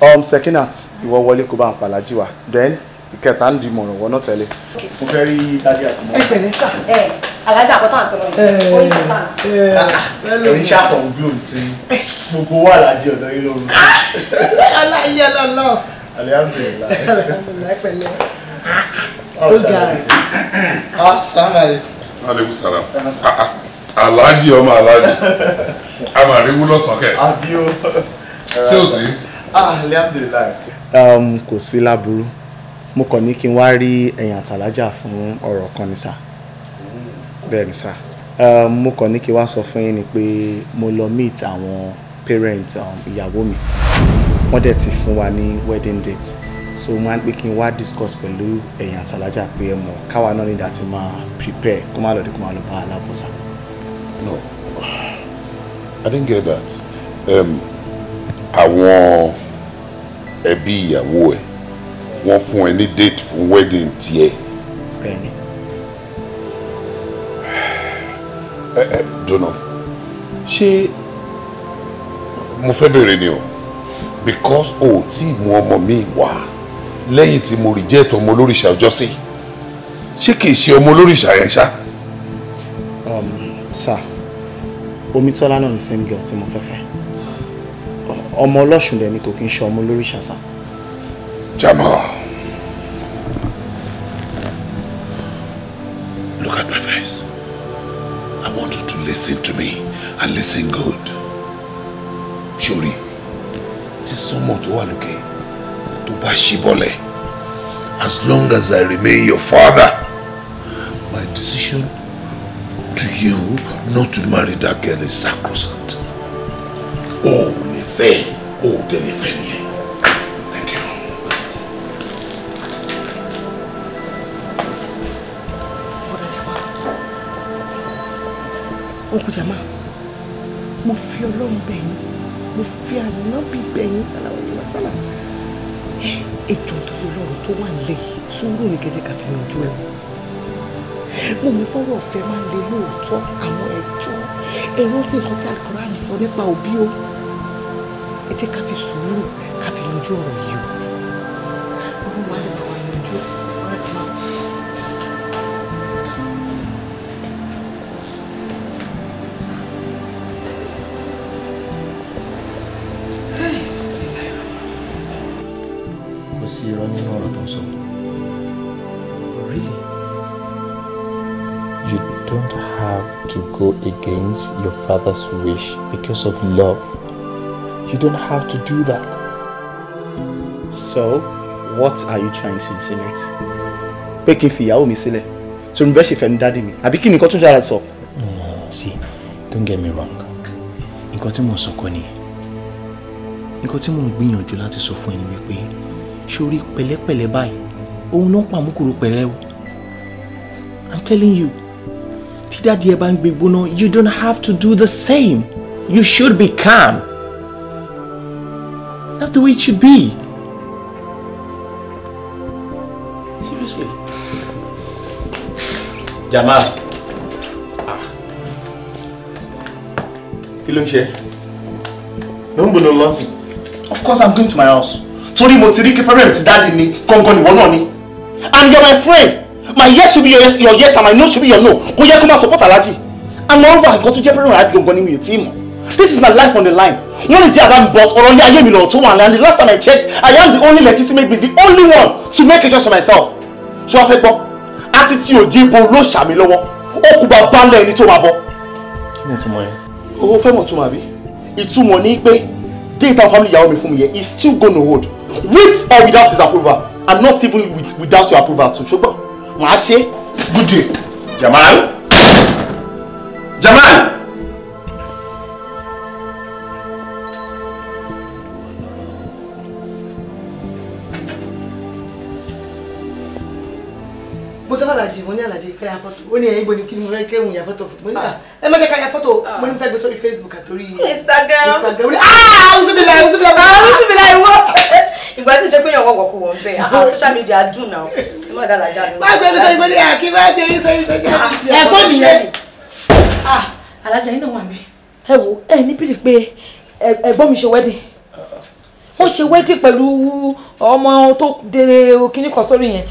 Um, Sekinat, ìwọ wọlé kó bá ń pa Alájí wa. Then ìkẹta ń di mọ̀ràn wọ́n náà tẹ́lẹ̀. mo fẹ́ rí dájú àti mọ́. Ah, ah! ẹ pẹ̀lẹ́ ah, sà. ẹ alájà àkọ́tà ń sọ̀rọ̀ yìí ó yẹ kọ́tà. ẹ̀yin ṣàkọ̀ ń gbóhùn tí gbogbo wà lájẹ́ ọ̀dọ́ yín lóru. aláyé lọ́lọ́. alihamdulilayi. alihamdulilayi pẹ̀lẹ́. ó ga ẹ̀. asalaamaleykum. aleykum salaam. aláàjì ọmọ aláàjì a máa rí wúlọ̀ sọ́kẹ̀. àbí o. ṣé o sí. Um, kò sí láburú mo kàn ní kí n wá rí ẹ̀yin àtàlájà fún ọ̀rọ̀ kan ní sà bẹ́ẹ̀ ni sà mo kàn ní kí n wá sọ fún yín ni pé mo lọ meet àwọn parent um, ìyàwó mi wọ́n dẹ̀ ti fún wa ní wedding date so mo máa ń pè kí n wá discuss pẹ̀lú ẹ̀yin àtàlájà pé ẹ mọ̀ káwa náà ní dàtí máa prepare kó má lọ́ọ́ di kó má lọ́ọ́ bá alábọ̀sà. no i didn't get that um, àwọn ẹbí ìyàwó ẹ̀ wọ́n fún ẹ ní date fún wedding tiẹ̀. bẹ́ẹ̀ni. *sighs* ẹ ẹ dùnà ṣé mo fẹ́ bèrè ni o because o ò tí ì mú ọmọ mi wá lẹ́yìn tí mo reject ọmọ olóríṣà ọjọ́ sí ṣé kì í ṣe ọmọ olóríṣà yẹn ṣá. Um, sir Omitola náà ni same girl tí mo fẹ́ fẹ́ ọmọ ọlọ́sùn dẹ̀ ni kò kí ń ṣe ọmọ olóríṣà sir. Jamal. listen to me and listen good. Ṣorí tí sọ́mọ̀ tó wà lókè tó bá ṣí bọ́lẹ̀ as long as I remain your father my decision to you not to marry that girl is sacrosanct. O ò lè fẹ́ o ò tẹ̀lé uncle Jama mo fi ọlọ́run bẹ̀yìn mo fi ànábì bẹ̀yìn sálàwọ̀ yìí wá sálà ẹjọ́ tó lè lọ́rọ̀ tó wà nílẹ̀ yìí sùúrù ní kẹ́jẹ́ káfí yanjú ẹ̀ mo mú bọ́rọ̀ ọ̀fẹ́ máa ń le lóòótọ́ àwọn ẹjọ́ ẹ̀rọ tí nǹkan tí al sọ nípa òbí o ẹ jẹ́ káfí sùúrù káfí yanjú ọ̀rọ̀ yìí o. go against your father's wish because of love. You don't have to do that. So, what are you trying to insinuate? Pé kí n fi ìyàwó mi sílẹ̀. So, ǹbẹ́ ṣe fẹ́nu dádì mi. Àbí kí ni nǹkan tó ṣe ara mm, See, don't get me wrong. Nǹkan tí mò ń sọ kọ́ ni. Nǹkan tí mò ń gbìyànjú láti sọ fún ẹni wípé ṣé orí pẹ̀lẹ́pẹ̀lẹ́ báyìí pa àmúkúrò pẹ̀lẹ́ I'm telling you tí adìẹ bá ń gbé you don't have to do the same you should be calm that's the way it should be seriously. Jamal ah. kí ló ń ṣe ló ń gbóná lọ́sìn. of course i'm going to my house torí mo ti rí kí parents dáàdi mi gangan ìwọ náà ni and you're my friend my yes should be your yes your yes and my no should be your no kò here kó support Alhaji and moreover I tó to pẹ́rẹ́ rẹ̀ àgbọ̀ngàn ni mi ò tí ì this is my life on the line wọ́n lè jẹ́ àbámi but Or only I am lọ̀rọ̀ tó one? and the last time I checked I am the only legitimate being the only one to make a choice for myself ṣé wọ́n fẹ́ gbọ́ àti tí òjì bo ló ṣàmì lọ́wọ́ ó kù bá balẹ̀ ẹni tó máa bọ̀. kí ni ìtumọ̀ yẹn. owó fẹ́ mọ̀ túmọ̀ àbí ìtumọ̀ ni family ìyàwó mi fún mi yẹn is still gonna hold with or without his approval and not even with without your approval too ṣùgbọ́n màá ṣe good Jamal Jamal. mo sábà lajì mo ní àlàjì ká ya fọ́tò ó ní ẹ̀yìn gbòdì kí ni mo fẹ́ kẹ́ ìwòyàn fọ́tò mo ní à ẹ má jẹ́ ká ya fọ́tò mo ní fẹ́ gbé sórí Facebook àtórí Instagram Instagram ó ní ah ọ̀sùnbìlà ọ̀sùnbìlà ọ̀sùnbìlà ìwọ ìgbà tí ṣe pé yàn wọ́n wọ̀kú wọ̀n bẹ́ẹ̀ àwọn social media dùn náà ẹ má dá làjà lọ. báyìí gbẹ́mí sọ́yìn mọ́lẹ́ àkí bá jẹ́ yín sọ́yìn social media. ẹ̀gbọ́n mi yẹn ah, alájà yín náà wà mí. ẹ wo ẹ ní bílí pé ẹ̀gbọ́n mi ṣe wedding ó ṣe wedding pẹ̀lú ọmọ tó de kinní kan sórí yẹn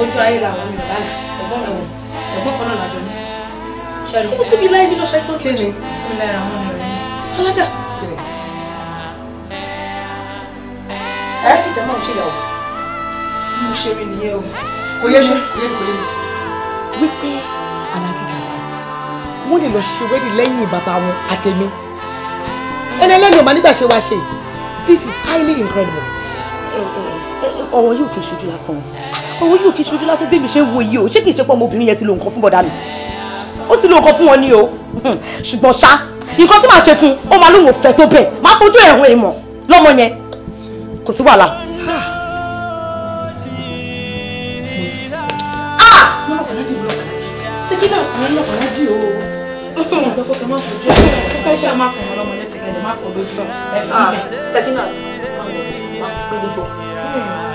ojú ayé làwọn yorùbá náà ẹ̀gbọ́n kan náà lájọ ní. ṣẹ́rí kó síbi láì mi lọ ṣe tó kí ni. sí lára àwọn ọmọ rẹ̀ alájà. ẹ jìjà máa ń ṣe ìyàwó. mo ṣe rí nìyẹn o. kò yé mi kò yé mi kò yé mi. wípé alájìjà láì wọ́n lè lọ ṣe wẹ́dì lẹ́yìn bàbá wọn àtẹ̀mí. ẹni ẹlẹ́nu ọ̀ma nígbà ṣe wá ṣe this is highly incredible. Uh, uh, ọwọ́ yóò kí n ṣojú lásán ọwọ́ yóò kí n ṣojú lásán bí mi ṣe ń wo yìí o ṣé kì í ṣe pé ọmọbìnrin yẹn ti lo nǹkan fún bọ̀dá mi ó sì lo nǹkan fún wọn ni o hmm. ṣùgbọ́n ṣá nǹkan tí màá ṣe fún ó máa lóun ò fẹ́ tó bẹ̀ máa fojú ẹ̀hún ìmọ̀ lọ́mọ yẹn kò sí wàhálà. síkírà tí wọ́n lọ́kọ̀ọ́ lájú o wọ́n sọ pé kí wọ́n máa fojú ẹ̀ kókó ṣáà máa kàn wọ́n lọ́mọ lẹ́sẹ̀kẹ̀lẹ̀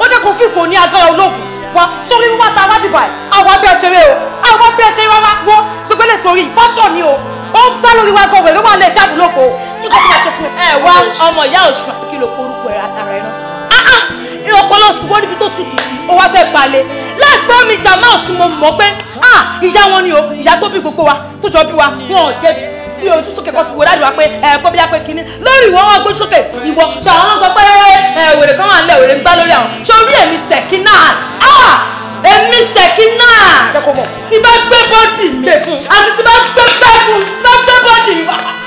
ó jẹ́ kó fìkò ní agbára ológun wa sórí wíwá ta alábìbà àwa bẹ́ẹ̀ ṣeré o àwa bẹ́ẹ̀ ṣeré wá wó gbogbo lè torí fashion ni o ó ń bá lórí wa gan wẹ̀ ló wà lẹ̀ jáde lóko nǹkan tó máa ṣe fún ẹ. ẹ wá ọmọ ìyá òṣùwà kí ló korúkọ ẹ àtàrà ẹ náà ìrọ̀pọ̀lọ́ ah, ah, ti wọ́n níbi tó tutù ó wá fẹ́ balẹ̀ láìpẹ́ omi jamal tí mo mọ̀ pé ah, ìyá wọn ni o ìyá tó gbogbo wa tó jọ bí wa wọn ò jẹ̀bi bí ojú sókè kan sì wò dáàdì wa pé ẹ eh, kó bí a pé kínní lórí ìwọ wọn sókè ìwọ ṣe àwọn náà sọ pé ẹ eh, wèrè kan wà ń lẹ wèrè ń gbá lórí àwọn ṣé orí èmi sẹ̀kínà ah èmi sẹ̀kínà tí bá gbé bọ́ọ̀dì mi àti tí bá gbé bẹ́ẹ̀ fún tí bá gbé bọ́ọ̀dì mi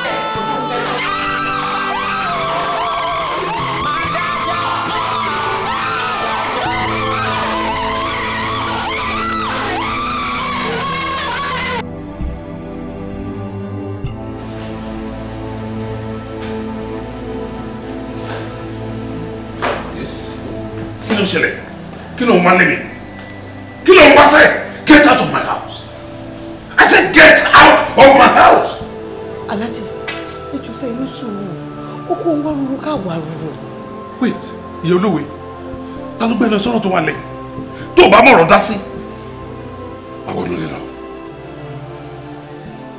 ṣẹlẹ̀ kí ló ń wá níbi kí ló ń wá sẹ́ẹ̀ get out of my house I said get out of my house. aláàjì ètò sẹ́yìn ní sùúrù ó kó ń wá ruru ká wà ruru. wait ìyá olówe ta ló gbẹ́nu sọ́nà tó wà lẹ́yìn tó o bá mọ̀rọ̀ dá sí àwọn olórí lọ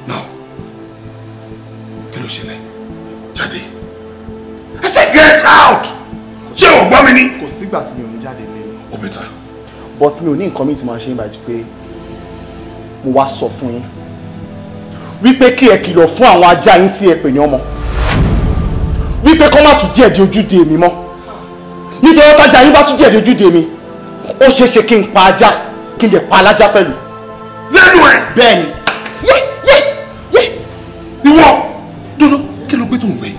now kí ló ṣẹlẹ̀ jáde I said get out ṣé o gbọ́ mi ni. kò sígbà tí mi ò ní jáde lé o. ó bẹ ta. but mi ò ní nǹkan mi tí mo ṣe ń bàjú pé mo wá sọ fún yín wípé kí ẹ kìlọ̀ fún àwọn ajá yín tí ẹ pè ní ọmọ wípé kọ́ má tún jẹ́ di ojúde mi mọ́ nítorí tájà yín bá tún jẹ́ di ojúde mi ó ṣeé ṣe kí n pa ajá kí n lè pa alájá pẹ̀lú. lẹ́nu ẹ̀. bẹ́ẹ̀ ni. yé yé yé. ìwọ dúró kí ló gbé tó ń gbé.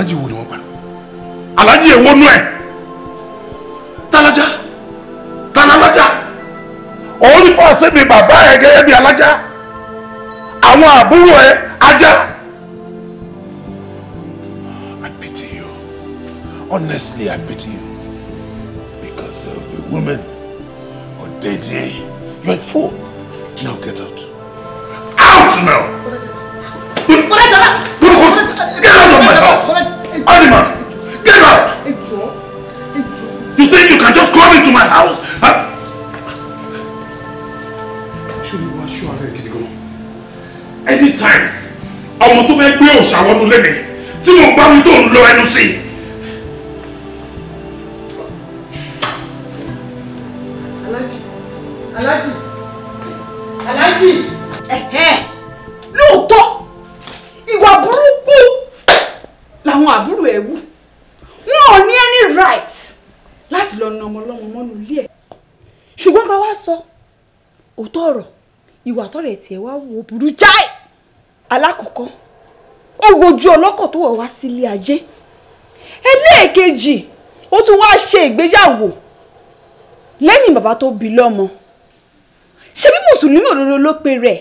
aláàjì wo ni wọ́n pa aláàjì èwo nú ẹ̀ tálájà tálálájà òun ní fọ́ọ̀sì mi bàbá ẹ̀ gẹ́gẹ́ bí àwọn àbúrò ẹ̀ ajá. I pity you honestly I pity you because of the woman or dead day you are a fool now get out out now. Get out of my house! Animal! Get out! You think you can just come into my house? Ṣé you ṣọ́ ara ẹ̀ gidi gan? Anytime, I tó fẹ́ gbé òṣà wọnú lẹ́nu tí mo bá wí tó ń lọ ẹnu sí i. ìwà tọ̀rẹ̀ tiẹ̀ wá wo burú jáì alákọ̀ọ́kọ́ ó wojú ọlọ́kọ̀ tó wọ̀ wá sílé ayé ẹlẹ́ẹ̀kejì ó tún wá ṣe ìgbéyàwó lẹ́yìn bàbá tó bí lọ́mọ ṣé bí mùsùlùmí òdodo ló pe rẹ̀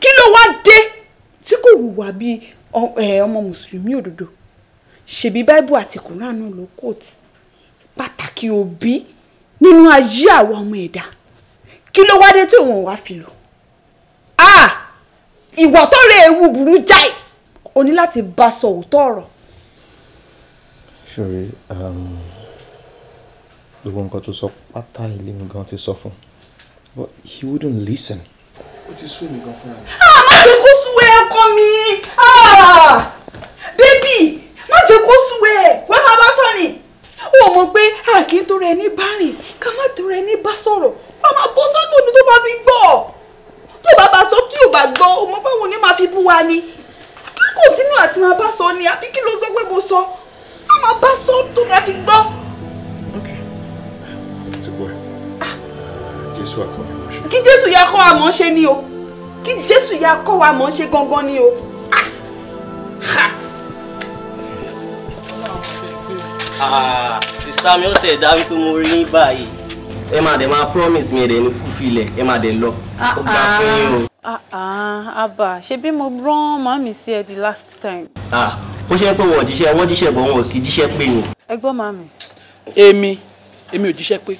kí ló wá dé tí kò hùwà bíi ọmọ mùsùlùmí òdodo ṣebí báíbù àti kùránù ló kóòtù pàtàkì òbí nínú ayé àwọn ọmọ ẹ̀dá kí ló wá dé tí òun wá fi lò ìwọ tó rè ewu burú jáì o ní láti bá sọ òótọ́ ọ̀rọ̀. ṣòrí um, gbogbo nǹkan tó sọ pátá ilé mi gan ti sọ fún but he wouldn't listen. ó ti sún èmi gan fúnra mi. a ah, má jẹ́ kó súwé ọkọ mi ah, bébì má jẹ́ kó súwé wẹ́n máa bá sọ ni ó mọ̀ pé a kì í tó rẹ ní bá rìn ká má tó rẹ ní bá sọ̀rọ̀ wọ́n máa bọ́ sọ́nà òní tó bá fi gbọ́ tó bá bá sọ tí ò bá gbọ́ ọmọ báwo ni máa fi bú wa ni kí kòtínú àti máa bá sọ ni àbí kí ló sọ pé mo sọ á máa bá sọ tó máa fi gbọ́. Ah. Eh, jésù akọni mọ̀ ṣe. kí jésù yà kọ́ wa mọ̀ ṣe ni o kí jésù yà kọ́ wa mọ̀ ṣe gangan ni o. sista mi ó tẹ̀ dá wípé mo rí yín báyìí ẹ máa dẹ̀ máa promise mi ẹ̀ dẹ̀ ní fúfilẹ̀ ẹ máa dẹ̀ lọ ah, ó gbà fún yín o. àbà ah, ah, ṣe bí mo rán màmí sí ẹ di last time. ó ṣe ń pé wọn jíṣẹ́ wọ́n jíṣẹ́ bọ̀ wọn kì í jíṣẹ́ pé ni. ẹ gbọ́ màmí. èmi èmi ò jíṣẹ́ pé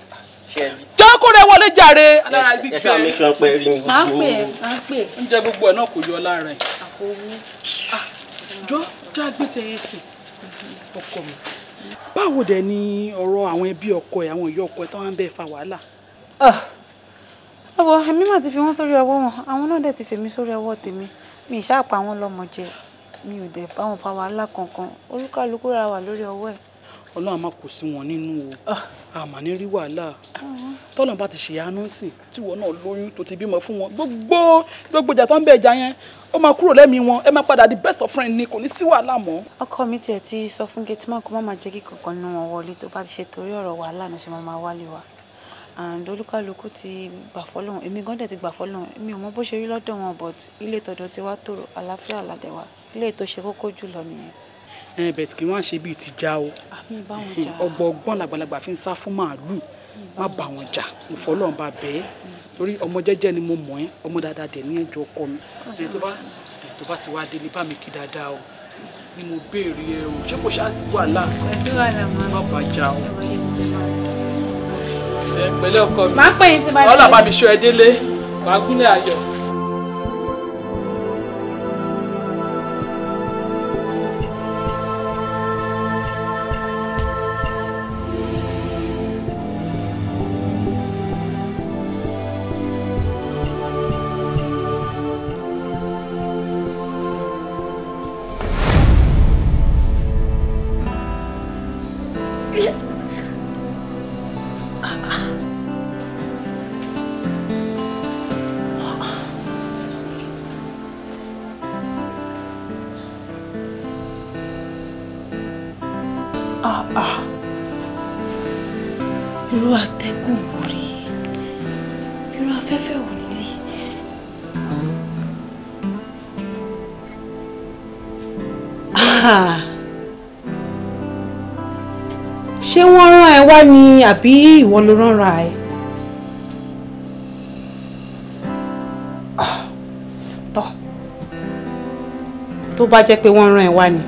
jákòrè wọlé jàre. alára ibi gbẹ ẹ ṣáà pé rí mi. máa pè é máa pè é. oúnjẹ gbogbo ẹ náà kò yọ lára ẹ. àkòwé. jọ jágbe tẹ ẹ tì ọkọ mi báwo dẹ̀ ni ọ̀rọ̀ àwọn ẹbí ọkọ ẹ̀ àwọn ìyá ọkọ ẹ̀ tó wá ń bẹ́ẹ̀ fa wàhálà. Ah, ọ̀bọ̀ èmi mà ti fi wọ́n sórí ọwọ́ wọn àwọn náà dẹ̀ ti fèmi sórí ọwọ́ tèmi mi ì ṣáà pa àwọn lọ́mọ jẹ mi ò dẹ̀ bá wọn fa wàhálà kankan olúkàlùkù ra wà lórí ọwọ́ ẹ̀. ọlọ́run àmà kò sí wọn nínú o àmà ah. ní rí wàhálà mm-hmm. tọ́lọ́n bá ti ṣèyá nọ́ọ̀sì tíwọ́ náà lóyún tó ti bímọ fún wọn gbogbo gbogbo ìjà tó ń bẹ̀ jà yẹn ó máa kúrò lẹ́mìí wọn ẹ máa padà di best of friend ni kò ní sí wàhálà mọ́. ọkọ mi tiẹ̀ ti sọ fún gẹ́tìmá kó má máa jẹ́ kí kankan nínú wọn wọlé tó bá ti ṣe torí ọ̀rọ̀ wàhálà náà ṣe máa máa wálé wa and olúkálukú ti gbà fọlọ́hún èmi gan dẹ̀ ti gbà fọlọ́hún mi ò mọ bó ṣe rí lọ́dọ̀ wọn but ilé tọ̀dọ̀ ti wá tòrò àlàáfíà àlàdẹ̀ wa ilé tó ṣe kókó jùlọ nìyẹn. ẹ bẹ̀tì kí wọ́n á ṣe bíi ti já o ah, ọgbọ̀n ọgbọ̀n làgbàlagbà fi ń sá fún màálù má bà wọn jà ìfọlọ́ọ̀ bá bẹ́ẹ̀. Mm torí ọmọ jẹ́jẹ́ ni mo mọ̀ ẹ́ ọmọ dáadáa tẹ̀ ní ẹjọ́ ọkọ mi ẹ̀ tó bá ẹ̀ tó bá ti wá délé bá mi kí dáadáa o ni mo béèrè ẹ o ṣé kò ṣáà sí wàhálà má bàjá o ẹ pẹ̀lẹ́ ọkọ mi ọlọ́pàá mi ṣọ́ ẹ délé wàá gúnlẹ̀ ayọ̀. ni àbí ìwọ ló ránra ẹ. Ah, tọ́ tó bá jẹ́ pé wọ́n rán ẹ wá ni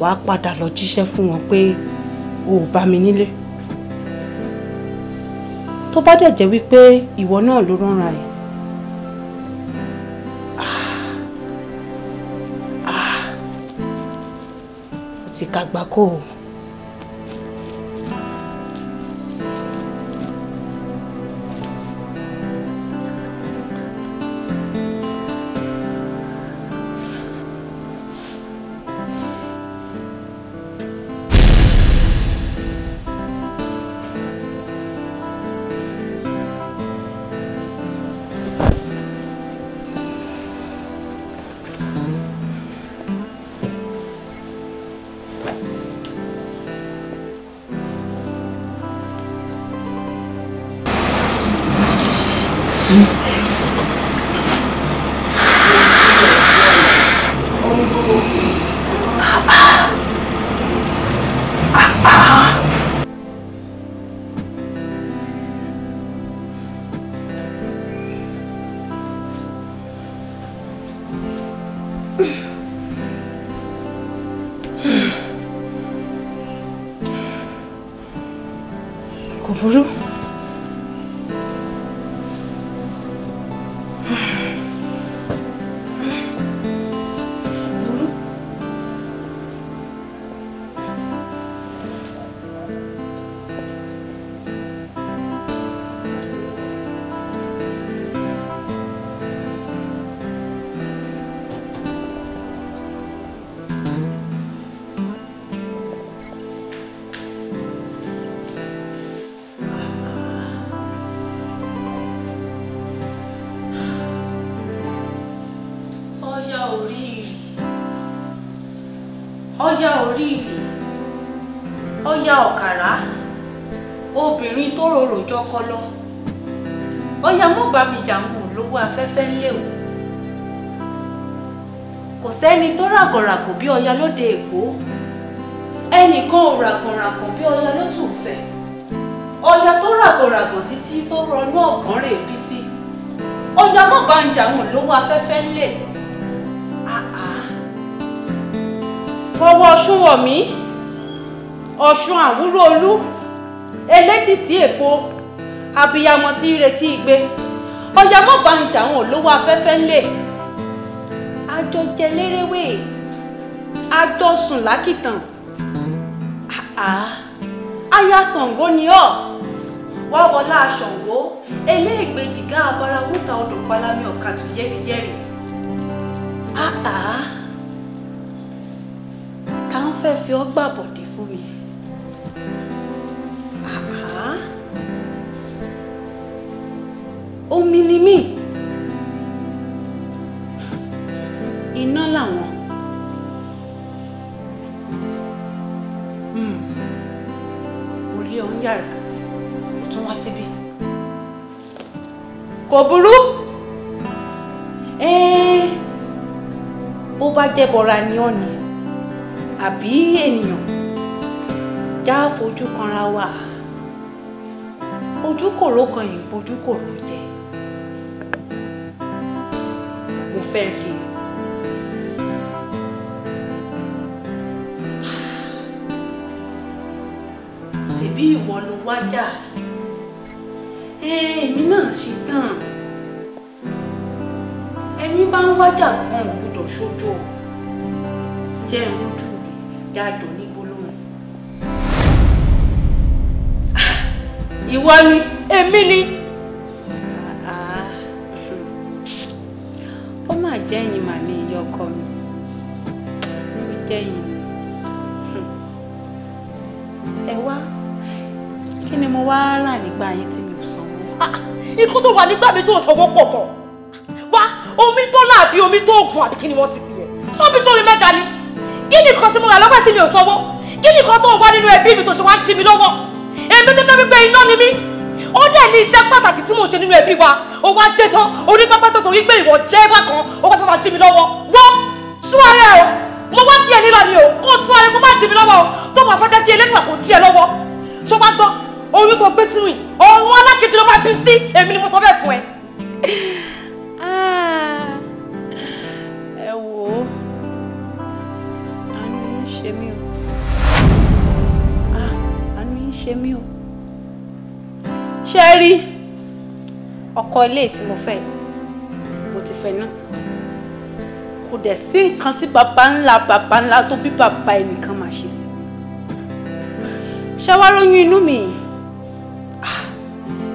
wàá padà lọ jíṣẹ́ fún wọn pé o ò bá mi nílé tó bá dẹ̀ jẹ́ wípé ìwọ náà ló ránra ẹ̀ ah, ah. ó ti kàgbákò o. obìnrin tó rorò jọkọ lọ ọyà mọ́ mi jàǹgùn lówó afẹ́fẹ́ ńlẹ̀ o kò sẹ́ni tó ràgọ̀ràgọ̀ bí ọya lóde èkó ẹnìkan ò ràgọ̀ràgọ̀ bí ọya ló ọya tó ràgọ̀ràgọ̀ títí tó rọnú ọ̀gán rè bí sí ọya mọ́ ń jàǹgùn lówó afẹ́fẹ́ ńlẹ̀ fọwọ́ ṣúwọ̀ mí ọ̀ṣun àwúrò olú elétìtì èkó abiyamọ tí ń retí igbe ọ̀yà mọ́bàǹjà àwọn olówó afẹ́fẹ́ ńlẹ̀ àjọjẹ lérèwé àjọsùn lákìtàn aya Ṣàngó ni ọ́ wá wọlá Ṣàngó eléègbèjì gá abara wúta odò palami ọ̀kàtù yẹ́rìyẹ́rì tá ń fẹ́ fi ọ́ gbàbọ̀dé fún mi omi ni mí iná làwọn hmm. orí ọ̀hún yàrá ó tún wá síbí kò burú bó bá jẹ́ bọ́ra ni ọ́ ni àbí ènìyàn já fojú kanra wà á ojú kòró kan yìí bojú kòró jẹ mo fẹ́ rí i. tèbí ìwọ ló wájà èmi náà ṣe tán ẹni bá ń wájà kan ò gbúdọ̀ ṣojú ọ jẹ́ ìrújú mi jáde ní. ìwọ ni èmi ni. ó mà jẹ́ ẹ̀yìn mà ní iye ọkọ mi ó jẹ́ ẹ̀yìn ẹ wá kí ni mo wá rà nígbà yín tí mi ò sanwó. ikú tó wà nígbà mi tó sanwó pọ̀ pọ̀ wá omi tó láàbí omi tó òkun àbí kí ni wọ́n ti pè é sọ́bí sórí mẹ́ta ni kí ni kan tí mo rà lọ́gbà tí mi ò sanwó kí ni kan tó wà nínú ẹbí mi tó ṣe wá ń tì mí lọ́wọ́ èmi tó dábí pé iná ni mí ó dẹ̀ ní iṣẹ́ pàtàkì tí mò ṣe nínú ẹbí wa ó wá jẹ́ tán orí pápá sọ̀tọ̀ wípé ìwọ jẹ́ bákan ó wá fẹ́ máa jí mi lọ́wọ́ wọ́n sún ara ẹ̀ mo wá kí ẹ nílò ni o kó sún ara ẹ kó má jí mi lọ́wọ́ tó máa fẹ́ jẹ́ kí ẹlẹ́gbà kò lọ́wọ́ ṣó bá gbọ́ oyún tó gbé sínú ọ̀run alákejì ló máa bí sí èmi ni mo sọ bẹ́ẹ̀ fún ẹ. Ah, ẹ wò ó ṣe mí o ṣe rí ọkọ ilé tí mo fẹ́ mo ti fẹ́ náà kò dẹ̀ sí nǹkan tí bàbá ńlá bàbá ńlá tó bí bàbá ẹnìkan máa ṣe sí ṣàwáróyún inú mi ah,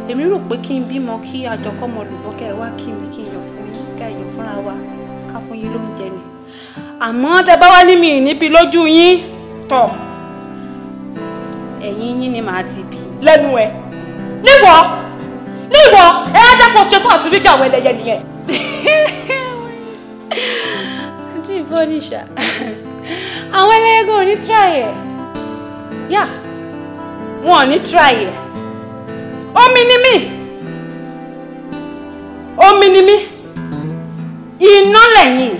èmi rò pé kí n bímọ kí àjọkọ́mọ olùbọ́kẹ́ wá kí mi kí n yọ̀ fún yín ká yọ̀ fúnra wa ká fún yín lóúnjẹ ni àmọ́ tẹ bá wá ní mi níbi lójú yín tọ̀ ẹ̀yìn yín ni màá ti bì. lẹ́nu ẹ̀ níwọ̀ níwọ̀ ẹ á dẹ́pọ̀ ṣe tó àti ríjà àwọn ẹlẹ́yẹ nìyẹn. àti *laughs* ìfọ́nìṣà àwọn ẹlẹ́yẹ gan ò ní try ẹ̀ yá wọn ò ní try ẹ̀ omi ni mí omi ni mí iná lẹ́yìn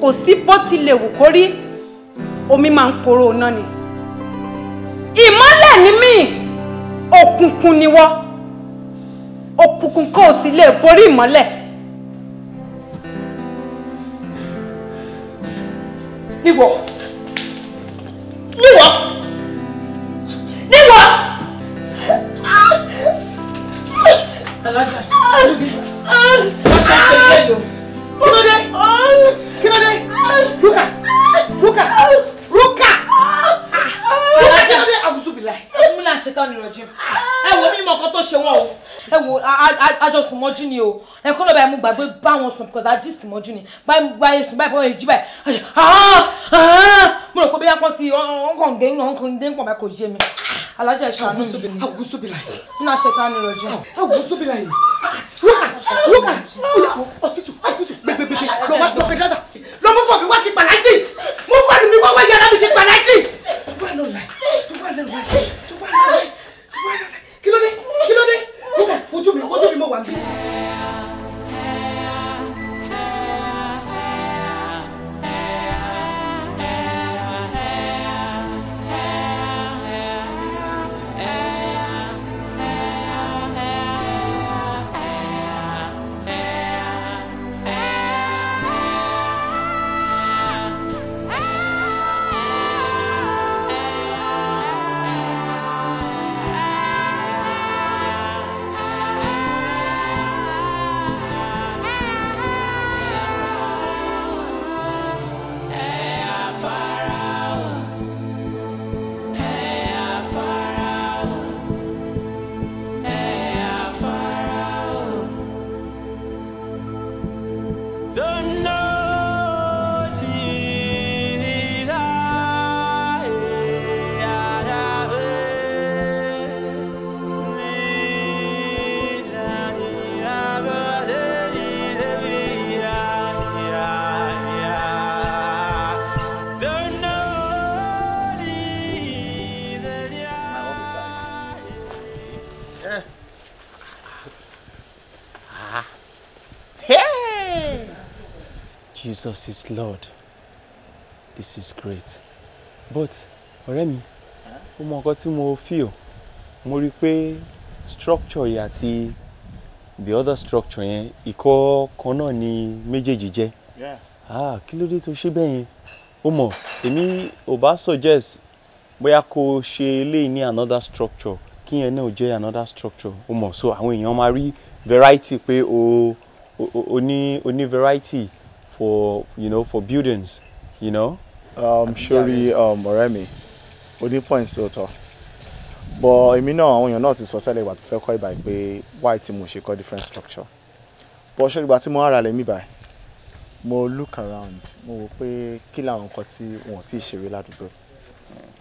kò sí bó tilẹ̀ wù kó rí omi máa ń poró náà ni ìmọ́lẹ̀ ni mí òkùnkùn ni wọ́ òkùnkùn kò sì lè borí ìmọ́lẹ̀. níwọ níwọ níwọ. alájà lọ́sà ṣe ilé yìí o kí ló dé kí ló dé rúkà rúkà rúkà kí ló dé àbùsùn bìlà. mo là ń ṣetán ní ìrọ̀jì ẹ wo mímọ kan tó ṣe wọn o ẹ wo àjọ sùn mọ́jú ni o ẹ kọ́ lọ báyìí mo gbàgbé bá wọn sùn because àjí sùn mọ́jú ni báyìí báyìí sùn báyìí báyìí jí báyìí ah, ah, mo rò pé bóyá kọ́ sí ọkàn gẹ́gẹ́ ọkàn gẹ́gẹ́ pọ̀ bá kò yé mi alájà ìṣàánú mi. àwùsù bìlà yìí. nínú àṣetá ni rọjò. àwùsù bìlà yìí. wúkà wúkà hospital hospital gbẹgbẹgbẹ lọ́wọ́ lọ́wọ́ dada lọ́mú fọ̀ mi wá ti pàlájì mú fọ̀ mi wá wá yàrá mi ti pàlájì. tó bá lọ láì tó bá lọ láì tó bá lọ láì tó bá lọ láì kí ló dé kí ló dé níbẹ̀ ojú mi ojú mi mo wà níbẹ̀. Jesus is Lord this is great but ọ̀rẹ́ mi ó mọ nǹkan tí mo feel mo rí i pé structure yìí àti the other structure yẹn ìkọ́ kan náà ni méjèèjì jẹ́ ah kí ló dé tó ṣe bẹ́ẹ̀ yẹn ó mọ̀ èmi ò bá suggest bóyá kó ṣe eléyìí ní another structure kí yẹn náà jẹ́ another structure ó mọ̀ so àwọn èèyàn máa rí variety pé o o ní o ní variety for you know for buildings you know. Um, sori um, ọ̀rẹ́ mi o ní point sí ọ̀tọ̀ But èmi náà àwọn èèyàn náà ti sọ sẹ́lẹ̀ ìgbà tó fẹ́ kọ́ ìbàyí pé why tí mo ṣe kọ́ different structure But surely, ìgbà tí mo ara rẹ̀ mi báyìí mo look around mo wò pé kí làwọn nǹkan tí wọn ò tí ì ṣeré ládùúgbò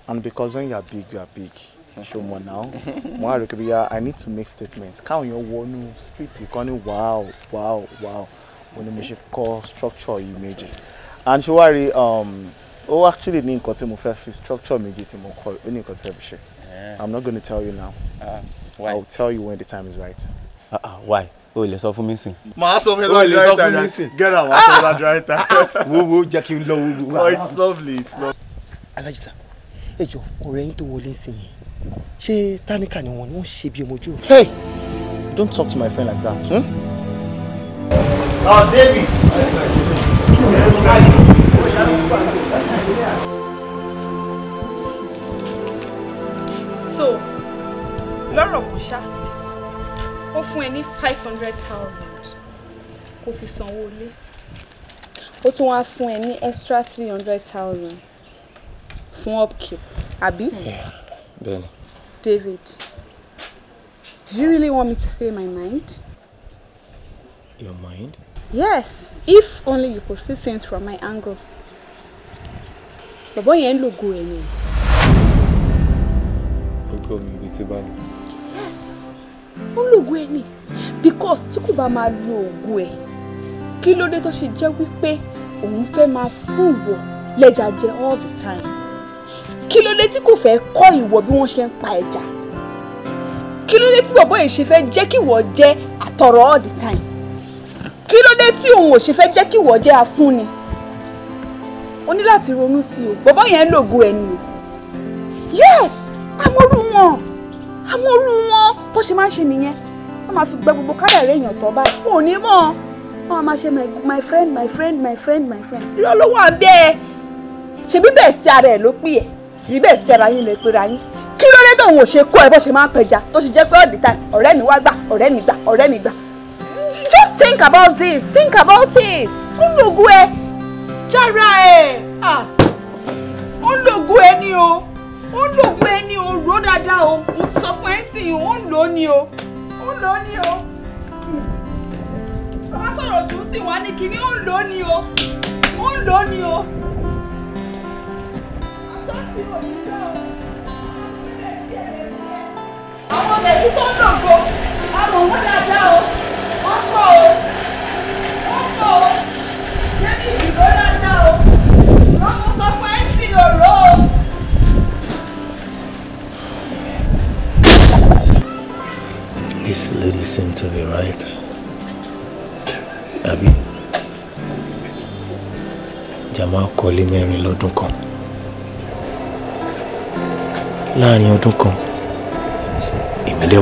and because when you are big you are big ṣo mọ̀ now. mo á rò pé I need to make statements káwọn èèyàn wọnú street kan ní wow wow wow òun ni structure yìí méjì and ṣé wàá rí um, ó actually ní nǹkan tí mo fẹ́ fi structure méjì tí mo kọ ó ní nǹkan tí mo fẹ́ ṣe eh. i'm not gonna tell you now uh, ah, i will tell you when the time is right. Uh -uh, why? o lè sọ fún mi sìn. màá sọ fún mi sọ dry time get am àti ọ̀la dry time. wo wo jẹ́ kí n lọ wo. oh it's lovely it's lovely. alajita ẹ jọ yín tó wọlé sí yẹn ṣé táníkà ni wọn ni ṣe bí ọmọ ojú. hey don't talk to my friend like that. Hmm? Oh, so, lọ́rọ̀ kan ṣá, ó any ẹ ní five hundred thousand kó fi sanwó ilé. Ó tún wá fún ẹ extra three hundred thousand fún upkeep, àbí? Bẹ́ẹ̀ni. David, do you really want me to say my mind? Your mind? yes if only you could see things from my angle bàbá yẹn ń lò go ẹ̀yìn. ojú omi ibi tí bá wù. yes ó ń lògùn ẹni because tí kò bá máa lo oògùn ẹ kí ló dé tó ṣe jẹ́ wípé òun fẹ́ máa fún ìwọ lẹ́ja jẹ all the time kí ló dé tí kò fẹ́ kọ́ ìwọ bí wọ́n ṣe ń pa ẹja kí ló dé tí bàbá yìí ṣe fẹ́ jẹ́ kí ìwọ jẹ́ àtọ̀rọ̀ all the time kí ló dé tí òun ò ṣe fẹ́ jẹ́ kí ìwọ jẹ́ afúnni o ní láti ronú sí o bọ́bọ́ yẹn ń lògo ẹni yes amóru wọn amóru wọn bó ṣe máa ń ṣe nìyẹn wọ́n máa fi gbẹ gbogbo kádà rẹ̀ èèyàn tán báyìí wọn ò ní mọ̀ wọ́n máa ṣe my friend my friend my friend my friend irọ́ ló wà bẹ́ẹ̀ ṣebí bẹ́ẹ̀ sí ara ẹ̀ ló pè ẹ́ ṣebí bẹ́ẹ̀ sí ara yín lè pera yín kí ló dé tóun ò ṣe kó ẹ bó ṣe máa ń pẹja tó ṣe jẹ́ pé ọ̀dìtà ọ̀rẹ́ mi wá gbà ọ̀rẹ́ mi gbà ọ̀rẹ́ mi gbà think about this think about it ó lògùn ẹ jára ẹ ó lògùn ẹ ní o ó lògùn ẹ ní o rò dáadáa o mo ti sọ fún ẹ sí i ó ń lò ó ní o ó lò ó ní o bàbá sọ̀rọ̀ tún sí wa ní kinní ó lò ó ní o ó lò ó ní o. àwọn ọ̀dẹ̀ tí tó ń lògùn àwọn òun dáadáa o. This lady seemed to be right. Àbí? Jamal Koli, mẹ́rin lọ́dún kan. Láàárín ọdún kan, èmi dẹ̀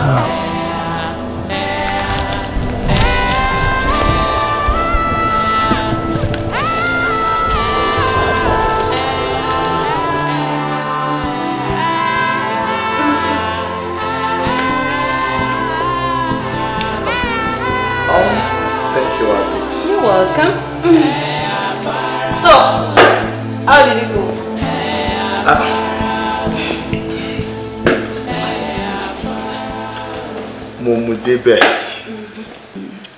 Wow. débẹ̀.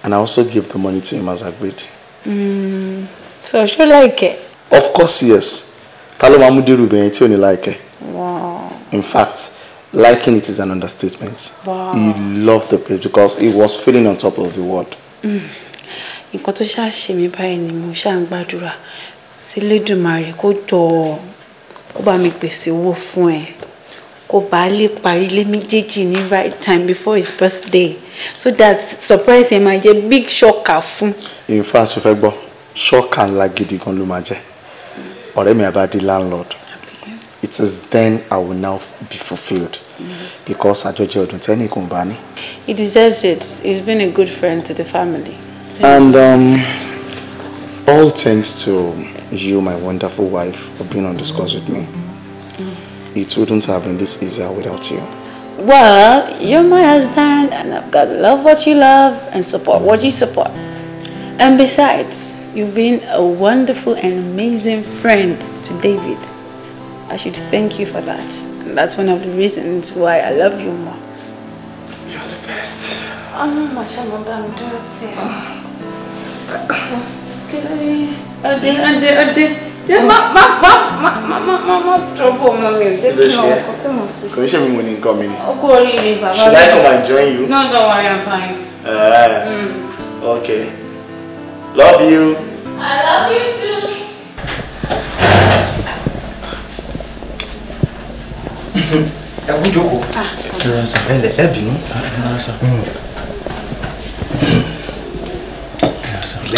And I also give the money to him as agreed. Mm. So like it? Of course yes. Ta ló máa mú dérú ibẹ̀ yẹn tí Wow. In fact, liking it is an understatement. Wow. He loved the place because it was feeling on top of the world. Hmm. Nǹkan tó ṣáà ṣe mí báyìí ni mo ṣáà ń gbàdúrà sí Lédùmarè kó jọ kó bá mi pèsè owó fún ẹ kó bàa lè parí ilé méjèèjì ní right time before his birthday so that surprise him máa jẹ big shocker fún. in fact ṣe fẹ́ gbọ́ shocker ńlá gidi gan ló máa jẹ́ ọ̀rẹ́ mi àbá landlord it is then I will now be fulfilled mm -hmm. because àjọjẹ ọdún tẹ́ni kò bá ní. he deserves it he's been a good friend to the family. and um, all thanks to you my wonderful wife for being on this course with me. Mm -hmm. it wouldn't have been this easier without you. Well, you're my husband, and I've got to love what you love and support what you support. And besides, you've been a wonderful and amazing friend to David. I should thank you for that. And that's one of the reasons why I love you more. You're the best. I'm not I'm dirty. Okay. Ade, ade, ade. jẹ́ má má má má má má má má trọ́bù should I come and join you. no no, I am fine. Uh, mm. okay love you. I love you too. Ah. ẹ kú jókòó. Ah, ẹ lẹ ẹ bínú ilé ah,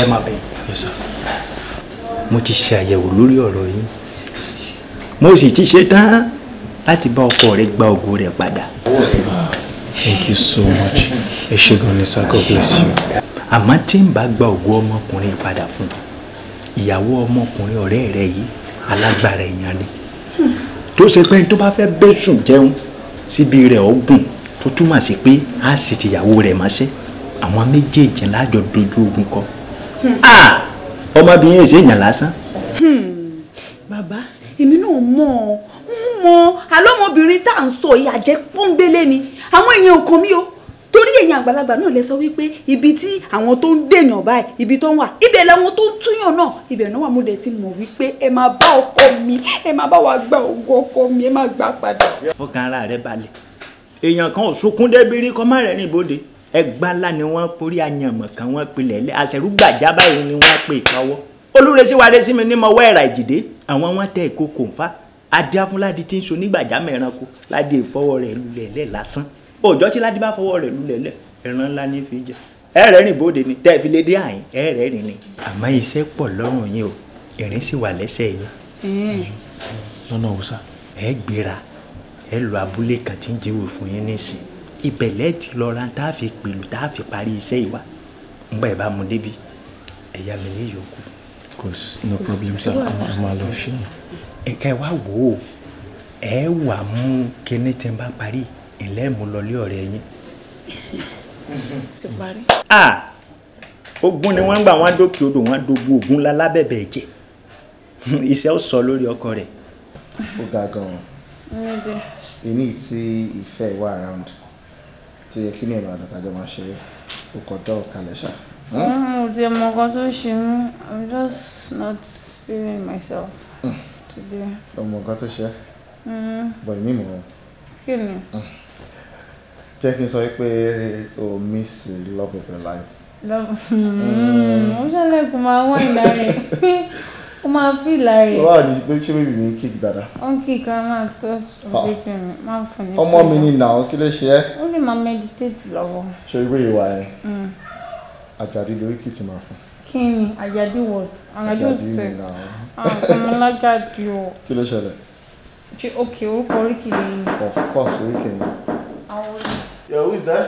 mm. Yes, sir mo ti ṣe àyẹ̀wò lórí ọ̀rọ̀ yìí mo sì ti ṣe tán láti bá ọkọ rẹ gba ògo rẹ padà. thank you so much ẹ ṣé gan ni sir god bless you. àmọ́ tí n bá gba ògo ọmọkùnrin padà fún ìyàwó ọmọkùnrin ọ̀rẹ́ rẹ yìí alágbára èèyàn ni tó ṣe pé tó bá fẹ́ bẹ́sùn jẹun síbi rẹ̀ ọ̀gùn tó túmọ̀ sí pé a sì tìyàwó rẹ̀ mọ́ṣẹ́ àwọn méjèèjì lájọ dojú ogun kọ. Hmm. ah ọmọbìnrin èsì èèyàn lásán. Hmm. bàbá èmi náà mọ̀ ọ́ mọ alọ́mọbìnrin tá à ń sọ yìí àjẹ́ pọ́ńbélé ni àwọn èèyàn ò kàn mí o torí èèyàn àgbàlagbà náà lè sọ wípé ibi tí àwọn tó ń dèèyàn báyìí ibi tó ń wà ibẹ̀ làwọn tó ń túyàn náà ibẹ̀ náà wà mo dẹ̀ ti mọ̀ wípé ẹ máa bá ọkọ mi ẹ máa bá wa gba ògùn ọkọ mi ẹ máa gbà padà. fọkàn rẹ balẹ̀ èèyàn kan ò sunkún débìrí kọ́ má rẹ̀ ní ẹgbàlá ni wọ́n porí àyànmọ̀ kan wọ́n pilẹ̀ lẹ́ àṣẹrúgbàjá báyìí ni wọ́n pe ìkáwọ́ olúresí wa resí mi ní mo wẹ́ ẹ̀rà ìjìdé àwọn wọn tẹ èkó kò ń fa adé afúnládé tí ń so nígbàjámọ̀ ẹranko ládé ìfọwọ́ rẹ̀ lulẹ̀ lẹ̀ lásán òòjọ́ tí ládé bá fọwọ́ rẹ̀ lulẹ̀ lẹ̀ ẹran ńlá ní fi jẹ ẹ̀rẹ́ rìn bóde ni tẹ́ fi lè dé àyín ẹ̀rẹ́ rìn ni. àmọ́ iṣẹ́ pọ̀ lọ́rùn yín o ìrìn sì wà lẹ́sẹ̀ yín. lọ́nà òwúsà. ẹ gbéra ẹ lọ abúlé kan tí ń jẹ́wò fún yín nísìnyí ibẹ̀lẹ́ ti lọ́ra tá a fi pẹ̀lú tá a fi parí iṣẹ́ ìwà ń bá ẹ̀ bá mu débi ẹ̀yà mi ní yòókù. kò sí no problem sir a máa lọ ṣe. ẹ̀ka ẹ̀ wá wò ó ẹ̀ wà mú kíní tí n bá parí ìlẹ́ mú lọlé ọ̀rẹ́ yín. ah ogun ni wọ́n ń gbà wọ́n dókè odò wọ́n dogun ogun lálá bẹ̀bẹ̀ ẹ̀jẹ̀ iṣẹ́ ó sọ lórí ọkọ rẹ̀. ó ga gan-an èmi tí ìfẹ́ wà round tó yẹ kí ní ìbàdàn kájọ máa ṣe ó kọjá òkàlẹ̀ ṣá. Hm? Ah, mo ti mọ nǹkan tó ṣe mí i'm just not feeling myself hmm. today. ọmọ nǹkan tó ṣe hmm. bọ̀ ìmí mọ̀ ọ́. kí ni. Hmm. jẹ́ kí n sọ pé o miss love of your life. love mo ṣẹlẹ̀ kò máa wọ́n ìdarí. *laughs* ó máa fi lára ẹ̀. wàá ní pé ṣé bèbí mi ń kíkì dáadáa. ó ń kíkì ara máa tọ́ ah. bèbí mi máa ń fún mi. ọmọ mi ni nà ó kí ló ṣe é. ó lè máa mẹditéètì lọ́wọ́. ṣé ìwé ìwà ẹ mm. àjàdí lórí kìtì máa fún. kí ni àjàdí what àjàdí òtítẹ àkọmọlágàdì ah, o. kí ló ṣẹlẹ̀. ṣe ok orúkọ oríkì lẹ́yìn. of course oríkì ni. àwọn. yo who is that.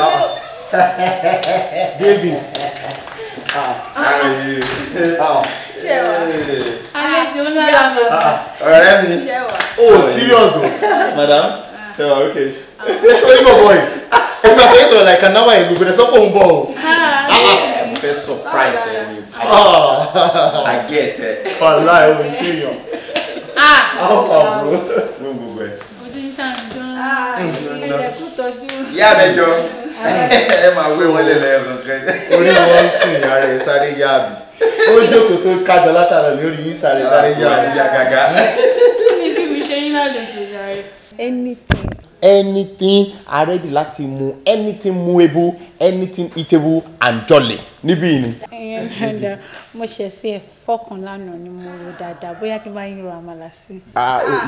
Ah. *laughs* David. How are you? Ṣé wà? Àlejò ńlá la mọ̀. Ọ̀rẹ́ mi. Ṣé wà? Oh, serious o. Madam, ṣé ah, wà ah, ah, okay? Ṣé oyún bọ̀bọ̀ yìí? Ẹ̀mi àfẹ́ sọ̀rọ̀ like an hour ago, gbọdọ̀ sọ́kò ń bọ̀ o. Mo fẹ́ surprise ẹ ni. I get it. Ọ̀la ẹ̀ wò Ah, ṣe yàn. How far bro? Mo ń gbogbo ẹ̀. Ah, iṣẹ́ àjọ. Ẹ̀jẹ̀ kú tọ́jú. Ìyá àbẹ̀jọ ẹ máa wé wọn lẹ́lẹ́ kankan orí wọn sìn ara ẹ sáré yá àbí ó jókòó tó kájọ látara lórí yín sáré sáré yá àbí yá gàgà. kí mi ṣe yín lálejò jàre. anything anything are ready láti mu anything moveable, anything eatable and jolly níbí ni. mo ṣe sí ẹ fọkàn lánàá ni mo rò dáadáa bóyá kí n bá yín ro àmàlà sí.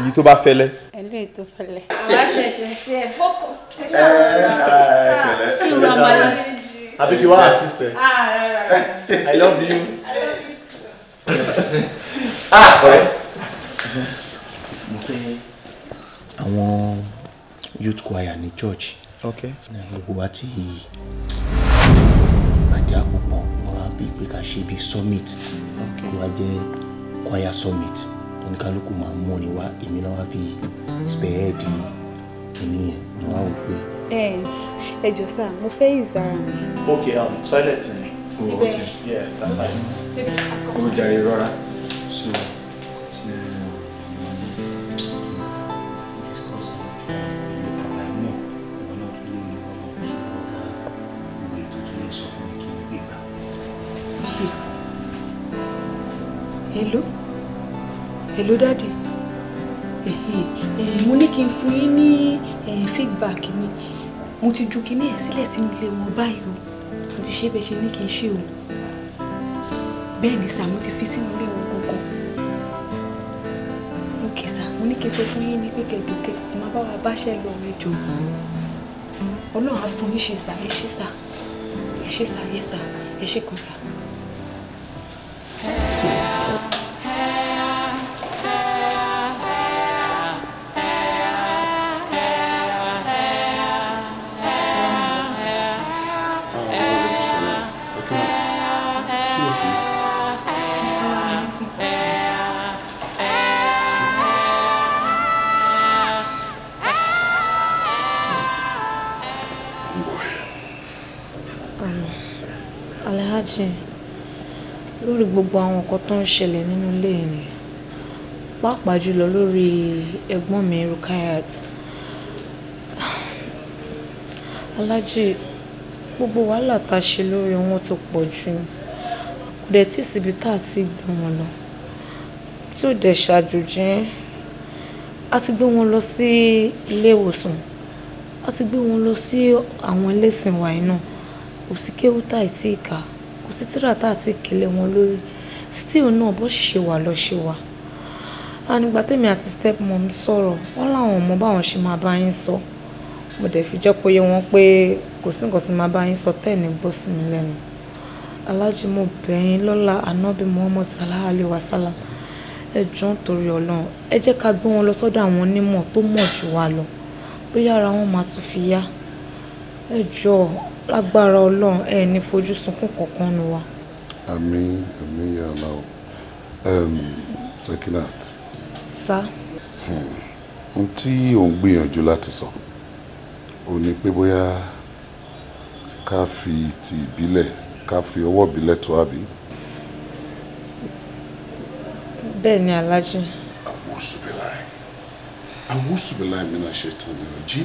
èyí tó bá fẹ́lẹ́. ẹlú èyí tó fẹ́lẹ́. àwọn àti ẹ̀ṣẹ̀ sí ẹ fọkàn. ẹ ẹ pẹ̀lẹ́ kí n ro àmàlà sí. àbí kí wàá assist ẹ. Ah, I love you. ah ọ̀rẹ́ mo fẹ́ àwọn youth choir ní church Okay. gbogbo wa ti pàdé àpòpọ̀ wọn wá bíi pé ká ṣe bíi summit kó wá jẹ́ choir summit oníkálukú máa ń mọ́ni wá èmi náà wá fi spẹ́ẹ̀dì kìíní yẹn ni wá wò pé. ẹ ẹ jọ sáà mo fẹ́ ìzara mi. ok um, toilet ni. ibẹ̀ yẹ that's it. ó jẹ́ ìrora so. hello dadi eh, mo ní kí n fún yín ní eh, feedback ni. mo ti ju kinní ẹ̀ sílẹ̀ sínú ilé wọn báyìí o mo ti ṣe bẹ́ẹ̀ ṣe ní kí n o bẹ́ẹ̀ ni sà mo ti fi sínú ilé wọn kankan ok sa mo ní kí n sọ fún yín ba pé kẹ̀kẹ́ kẹ̀kẹ́ tí máa bá wa báṣẹ́ sa ẹ jọ ọlọ́run á fún yín ṣe sà ẹ ṣe sà ẹ ṣe sà yẹ sà ẹ ṣe kan sà. gbogbo àwọn nǹkan tó ń ṣẹlẹ̀ nínú ilé ni pàápàá jùlọ lórí ẹ̀gbọ́n mi Rukayat alájì gbogbo wàhálà tá a ṣe lórí wọn ti pọ̀ jù kò dẹ̀ tí síbi tá a ti gbé wọn lọ tí ò dẹ̀ ṣàjòjì a ti gbé wọn lọ sí ilé ìwòsàn a ti gbé wọn lọ sí àwọn ẹlẹ́sìn wàyí náà kò sí kéwú tá ì kò sí tíra tá a ti kélé wọn lórí still náà bó sì ṣe wà lọ ṣe wà anigba tèmi àti stepmom sọ̀rọ̀ wọ́n láwọn ọmọ báwọn ṣe máa bá yín sọ mo dẹ̀ fi jẹ́ kó yé wọn pé kò sí nǹkan tí máa bá yín sọ tẹ́ẹ̀ní gbọ́ sí mi lẹ́nu alájí mo bẹ̀ yín lọ́la ànábì muhammed salah alayhi wa salam ẹ jọ̀ọ́ torí ọlọ́run ẹ jẹ́ ká gbé wọn lọ sọ́dọ̀ àwọn onímọ̀ tó mọ̀ jù wá lọ bóyá ara wọn máa tún fi yá ẹ lágbára ọlọ́run ẹ ní fojú sunkún kankan nu wa àmín àmín ya Allah um, Sekinat. sá. ohun hmm. tí ò ń gbìyànjú láti sọ ò ní pé bóyá ká fi ti ìbílẹ̀ ká fi ọwọ́ ìbílẹ̀ tó àbí. bẹ́ẹ̀ ni alájì. àwọn oṣù bẹ̀rẹ̀ láì àwọn oṣù bẹ̀rẹ̀ láì mi náà ṣe tán ní ọjí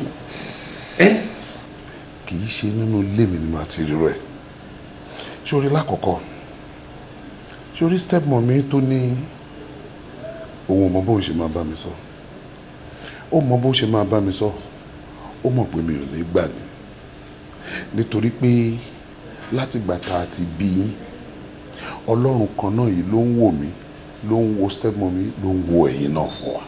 ẹ kì í ṣe mi ni màá ti rírọ ẹ ṣé orí lákọ̀ọ́kọ́ sórí stepmọ̀ mi tó ní òun ò mọ bóun ṣe máa bá mi sọ ó mọ bó ṣe máa bá mi sọ ó mọ̀ pé mi ò ní gbà ní nítorí pé látìgbà tá a ti bí yín ọlọ́run kan náà yìí ló ń wò mí ló ń wo stepmọ̀ ló ń wo ẹ̀yin náà fún wa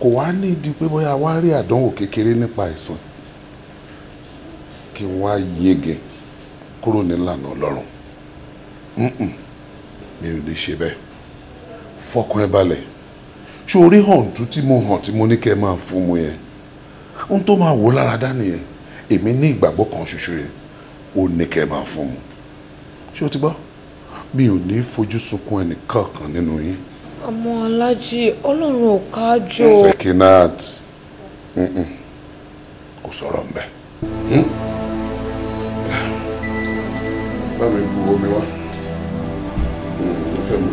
kò wá ní ìdí pé bóyá wá rí àdánwò kékeré nípa àìsàn kí n wá yege kúrò nílànà ọlọ́run mi ò lè ṣe bẹ́ẹ̀ fọkàn ẹ balẹ̀ ṣé orí hàn tún tí mo hàn tí mo ní kẹ́ ẹ máa fún mu yẹn ohun tó máa wò lára dání yẹn èmi ní ìgbàgbọ́ kan ṣoṣo yẹn ó ní kẹ́ ẹ máa fún mu ṣé o ti gbọ́ mi ò ní fojú sunkún ẹnìkan kan nínú yín. àmọ́ alájí ọlọ́run ò kájọ. sekinat kò sọ̀rọ̀ mbẹ́. Hmm? báwo ni bu omi wá fẹ́ mu.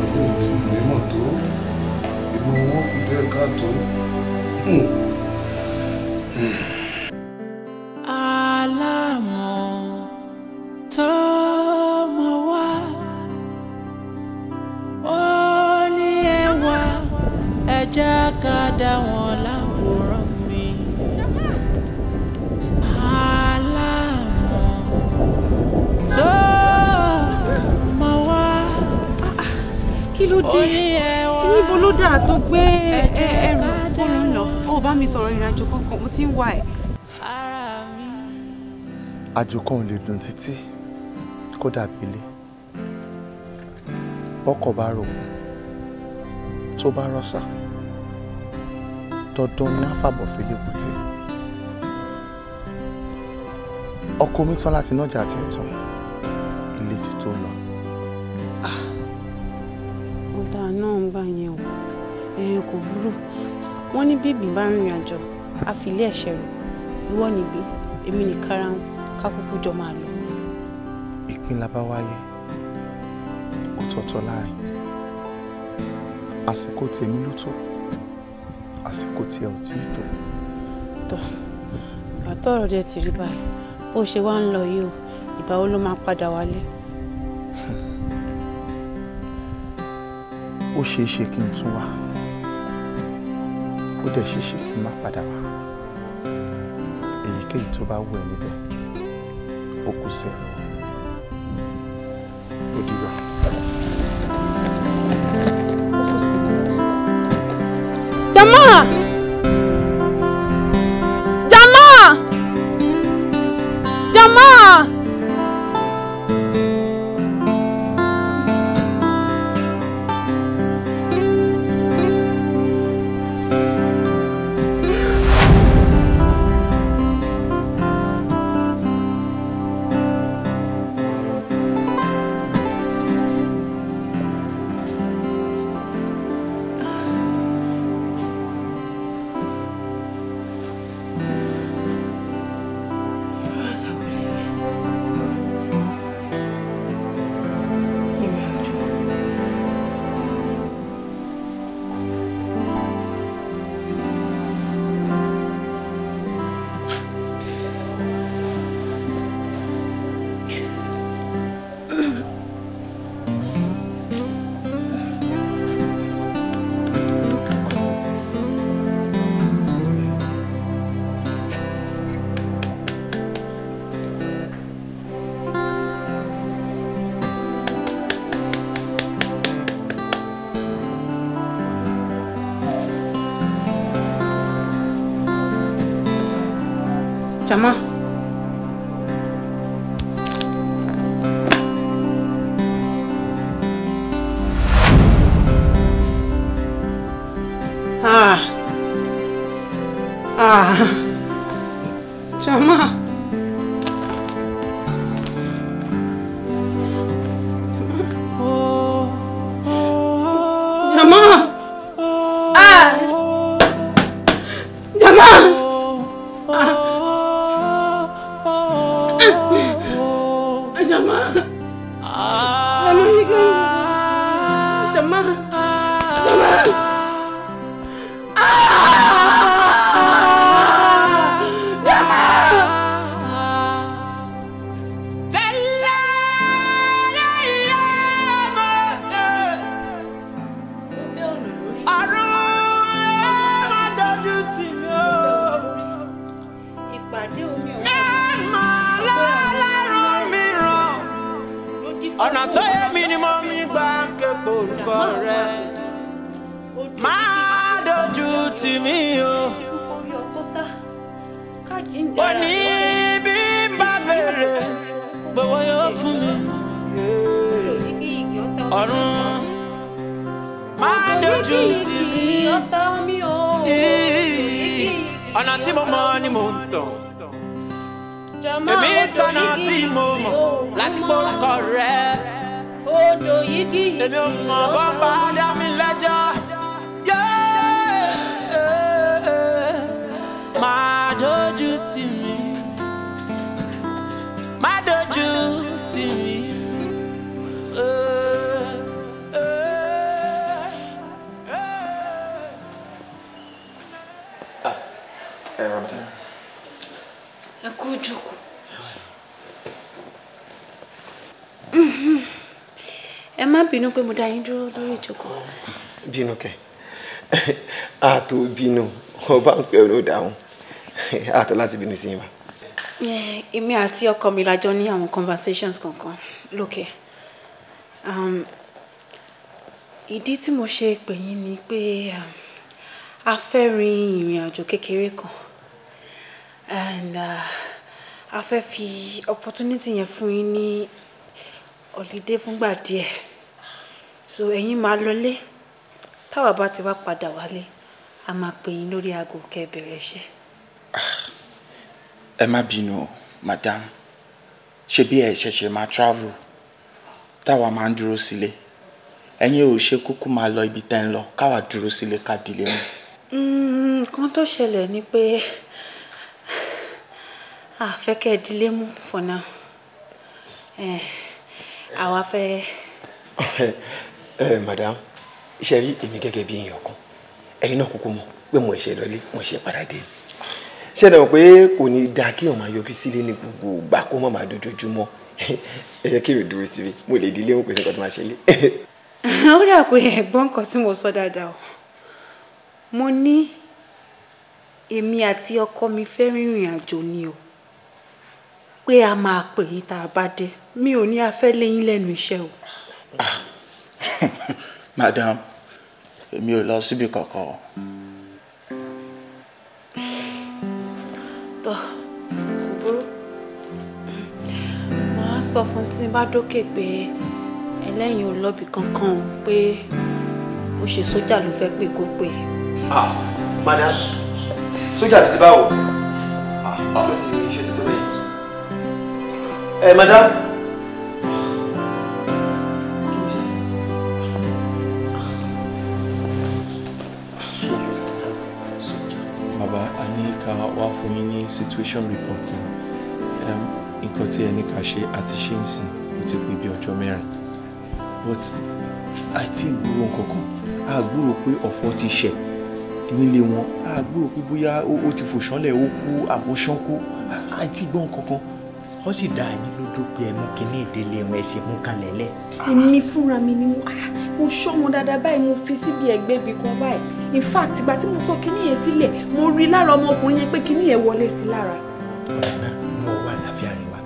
àwọn ìlú ti mímọ̀ sọ̀rọ̀ ìrìnàjò kankan mo ti ń wà ẹ̀. àjò kan ò lè dùn títí kó dàbí ilé bọ́kọ̀ bá rò wọ́n tó bá rọ́ṣà dandan ni àfàbọ̀ fìlẹ́kù tí ọkọ mi tán láti nájà àti ẹ̀tàn ilé ti tó lọ. ọ̀dà ah, náà ń bá yẹn wò ẹ̀ kò burú wọ́n ní bí ìgbín bá rìnrìn àjò á fi ilé ẹ̀ṣẹ̀ rẹ̀ ìwọ níbí èmi ní karahun ká kúkú jọ máa lọ. ìpín labá wáyé ọ̀tọ̀ọ̀tọ̀ láàrin àsìkò tèmi ló tó àsìkò tí ẹ ò tí ì tó. tọ́ bàtọ́ dẹ ti rí báyìí bó ṣe wá ń lọ yìí o ìgbà wo ló máa padà wálé. ó ṣeé ṣe kí n tún wá dẹ̀ ṣe ṣe kí n má padà wá èyíkéyìí tó bá wù ẹ́ níbẹ̀ ó kù sí 怎么？啊啊，怎么？pé mo dá yín dúró lórí ìjókòó. bínú kẹ àtò bínú ọba ń pè ọ ló dáhùn àtọ láti bínú sí yín wa. èmi àti ọkọ mi lájọ ní àwọn conversations kankan lókè um, ìdí tí mo ṣe pè yín ni pé um, a fẹ́ rin ìrìn àjò kékeré kan and uh, a fẹ́ fi opportunity yẹn fún yín ní holiday fúngbà díẹ̀ so ẹ̀yin máa lọlé táwa bá ti wá padà wálé a máa pè yín lórí aago kẹ́ ẹ bẹ̀rẹ̀ iṣẹ́. ẹ má bínú madam ṣe bí ẹ ṣẹ̀ṣẹ̀ máa travel táwa máa ń dúró sílé ẹ̀yin ò ṣe kúkú máa lọ ibi tẹ́ ń lọ káwa dúró sílé ká dìlé mu. Hmm, nǹkan tó ṣẹlẹ̀ ni pé àfẹ́kẹ́ ìdílé mú for àwa fẹ́. *laughs* Eh, madam ṣe rí èmi gẹ́gẹ́ bí èèyàn kan ẹ̀yin náà kúkú mọ̀ pé mo ṣe lọlé mo ṣe padà dé ṣe dẹ̀ pé kò ní dáa kí ọmọ ayọ́bí sílé ní gbogbo ìgbà kó má má dojoojúmọ́ *laughs* ẹ yẹ kí èrè dúró síbi mo lè dílé òun pèsè nǹkan tó máa ṣe lé. *laughs* ó dà pé ẹ̀gbọ́n nǹkan tí mo sọ dáadáa o mo ní èmi àti ọkọ mi fẹ́ rìnrìn àjò ni o pé a máa pè yín tá a bá dé mi ò ní afẹ́ léyìn lẹ́nu iṣẹ́ o. Ah, *laughs* madam èmi ò lọ síbi kankan o. tọ́ kò burú màá sọ fún tí n bá dókè pé ẹlẹ́yin ò lọ́bì kankan o pé ó ṣe sójà ló fẹ́ pé kó pè. ah madam sójà ti báwo ah ti tó bẹ́ẹ̀ yìí. Eh, ẹ madam. yín ní situation reporting, ni nǹkan tí ẹni kà ṣe àti ṣe ń sìn ó ti pé bí ọjọ́ mẹ́rin but àìtí gbúrò nkankan a gbúrò pé ọ̀fọ̀ ti ṣẹ̀ nílé wọn a gbúrò pé bóyá ó ti fòṣánlẹ̀ ó kú àbóṣánkú àìtí gbọ́ nkankan ó sì dá yín lójú pé ẹ mú kínní ìdílé wọn ẹ sì mú kalẹ̀ lẹ̀. èmi fúnra mi ni mo ṣọ́ wọn dáadáa báyìí mo fi síbi ẹ̀gbẹ́ ibì kan báyìí in fact ìgbà tí mo sọ kíní yẹn sílẹ̀ mo rí lára ọmọkùnrin yẹn pé kíní yẹn wọlé sí lára. ọ̀rẹ́ náà mo wà láfíà rẹ wá.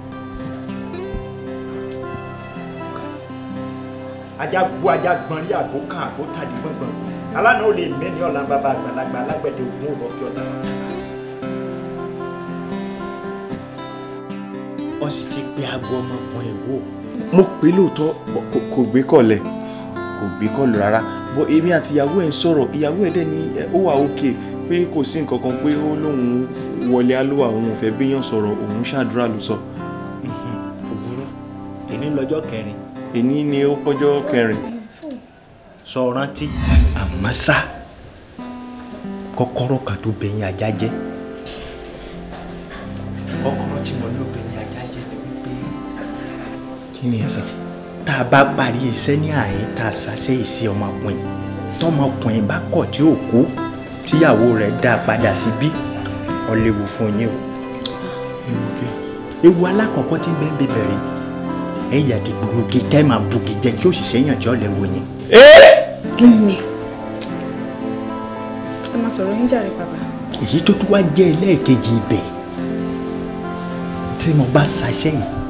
ajá gbó ajá gbọ́n rí àgbo kan àgbo tàbí gbọ̀ngbọ̀n alánà ò lè mẹ́ni ọ̀la bàbá àgbàlagbà alágbẹ̀dẹ ògùn òrò ọ̀kẹ́ ọ̀tá. sì ti pe aago ọmọkùnrin wò. mo pè é lóòótọ́ kò gbé kọ̀lẹ̀ kò gbé kọ̀lù rárá bọ èmi àti ìyàwó ẹ̀ ń sọ̀rọ̀ ìyàwó ẹ̀ dẹ̀ ní ó wà òkè pé kò sí nǹkan kan pé ó lóun wọlé alówà òun ò fẹ́ béèyàn sọ̀rọ̀ òun ṣàdúrà ló sọ. *laughs* òbúrú èní lọ́jọ́ kẹrin. èní ni ó kọjọ́ kẹrin. sọ rántí àmọ́ ṣá kọ́kọ́rọ́ kan tó bẹ̀yìn ajá jẹ́ kọ́kọ́rọ́ tí mo ní ó ajá jẹ́ ni wípé. kí ni ẹ sọ tá a bá parí iṣẹ́ ní àyín tá a ṣàṣẹ ìsí ọmọkùnrin tọmọkùnrin bá kọ̀ tí ò kó tíyàwó rẹ̀ dá padà síbí ọ̀lẹ́wò fún yín o. ewu alákọ̀ọ́kọ́ tí ń bẹ́ẹ̀ bẹ bẹ̀rẹ̀ ẹ̀yà dìgbòrògì tẹ́ máa bùgì jẹ kí òṣìṣẹ́ yàn jọ́ lẹ́wọ̀ yẹn. kí ẹ máa sọ̀rọ̀ yín jàre bàbá. èyí tó tún wá jẹ́ ẹlẹ́ẹ̀kejì ibẹ̀ tí mo bá ṣàṣẹ yìí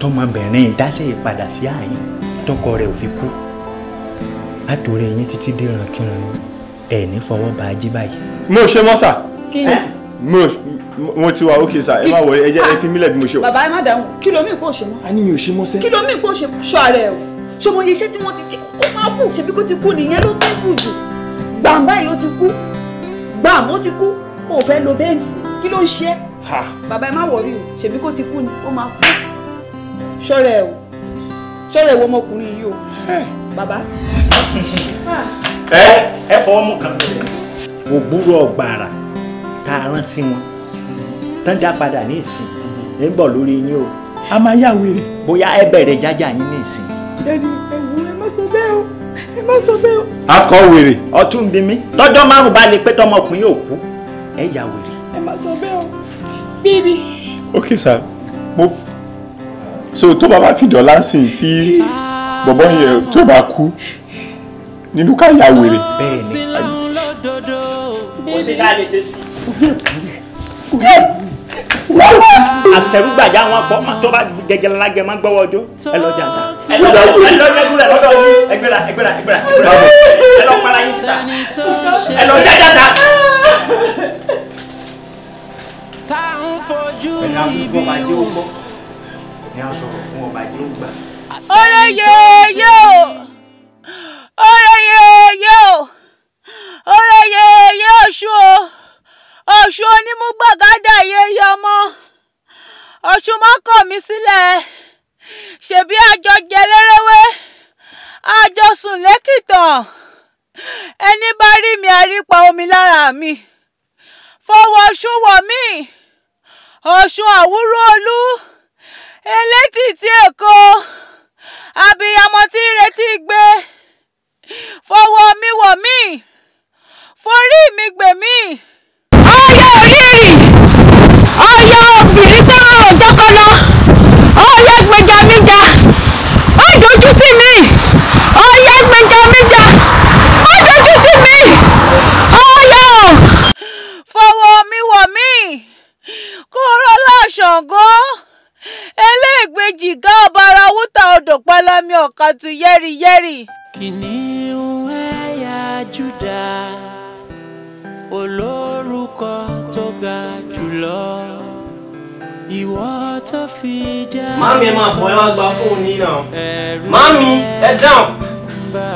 tọmọbìnrin dáṣẹ́ ìpadà sí àyín tọkọ rẹ̀ ò fi kú látòrí yín títí dìran kíran ẹ̀ ní fọwọ́ bá jí báyìí. mo ṣe mọ́ sà. kí ni. mo mo ti wà ókè sà ẹ má wọlé ẹ jẹ́ ah! ẹ fi mílẹ̀ bí mo ṣe wà. bàbá ẹ má dáhùn kí ló mí ṣe mọ́. a ní mi ò ṣe mọ́ sẹ́. kí ló mí ṣe mọ́ ṣọ́ ara ẹ̀ o ṣọmọ iye iṣẹ́ tí wọ́n ti kí ó máa kú kébí kó ti kú nìyẹn ló sẹ́kù jù gbàǹbá yìí ó ti kú gbàǹbó ti kú ó fẹ́ lo bẹ́ǹsì kí ló ń ṣe é bàbá ẹ má wọrí o ṣèbí kó ti kú ni ó máa kú ṣọ́rẹ́ ẹ̀ o ṣọ́rẹ́ ìwọ ọmọkùnrin yìí o bàbá. ẹ ẹ fọwọ́ mú kan bẹ̀rẹ̀. ògbúrò ọ̀gbàrà tá a rán sí wọn tán já padà ní ìsìn ẹ ń bọ̀ lórí yín o. a máa yá wèrè. bóyá ẹ bẹ̀rẹ̀ jájà yín ní ìsìn. ẹ ẹwù ẹ má sọ bẹ́ẹ̀ o ẹ má sọ bẹ́ẹ̀ o. akọ wèrè. ọtún bí mi tọjọ márùn bá lè pé tọmọkùnrin yóò kú ẹ yà wèrè. ẹ má sọ bẹ́ẹ̀ o bíbí. ókè sá mo so tó bá bá fi dọ̀là sìn tí bọ̀bọ̀ yẹn tó bá kú nínú ká ya wèrè. mo ṣe dáa lè ṣe sí. àṣẹrúgbàjà wọn kọ ma tó bá jẹjẹrẹ lájẹ máa ń gbọ́wọ́ ọjọ́ ẹ lọ jàǹdà. ẹ lọ jẹjú rẹ lọ́dọ̀ yìí ẹgbẹrẹ ẹgbẹrẹ ẹgbẹrẹ ẹ lọ para yín síta ẹ lọ jẹjẹ ta. tá à ń fojú ibi wò ni a sọ̀rọ̀ fún ọba yóò gbà. olóyè yóò olóyè yóò olóyè yóò ṣùn o ọ̀ṣun onímúgbàgádà yẹyẹ ọmọ ọ̀ṣun mọ́kọ̀ mi sílẹ̀ ṣebí àjọ jẹ lérewé àjọ sùn lẹ́kìtàn ẹni bá rí mi àrípa omi lára mi fọwọ́ ọ̀ṣun wọ̀ mí ọ̀ṣun àwúrò olú elétìtì èkó abiyamọ tí ń retí gbé fọwọ́ mi wọ̀ mí forí mi gbè mí. ọyọ orí ọyọ obìnrin tó ọjọkọlọ ọyọ gbèjà mi jà ó dojú tì mí ọyọ gbèjà mi jà ó dojú tì mí ọyọ. fọwọ́ mi wọ̀ mí kúrò lọ́sọ̀gọ́ eléègbèjì ká ọ̀bára wúta odò pálámi ọ̀kàtù yẹ́rìyẹ́rì. kìnìún ẹ̀yà júdà olórúkọ tó ga jùlọ ìwọ tó fi dá. mami ẹ máa bọ̀ ẹ wá gba fóònù yìí náà mami ẹ dáhùn.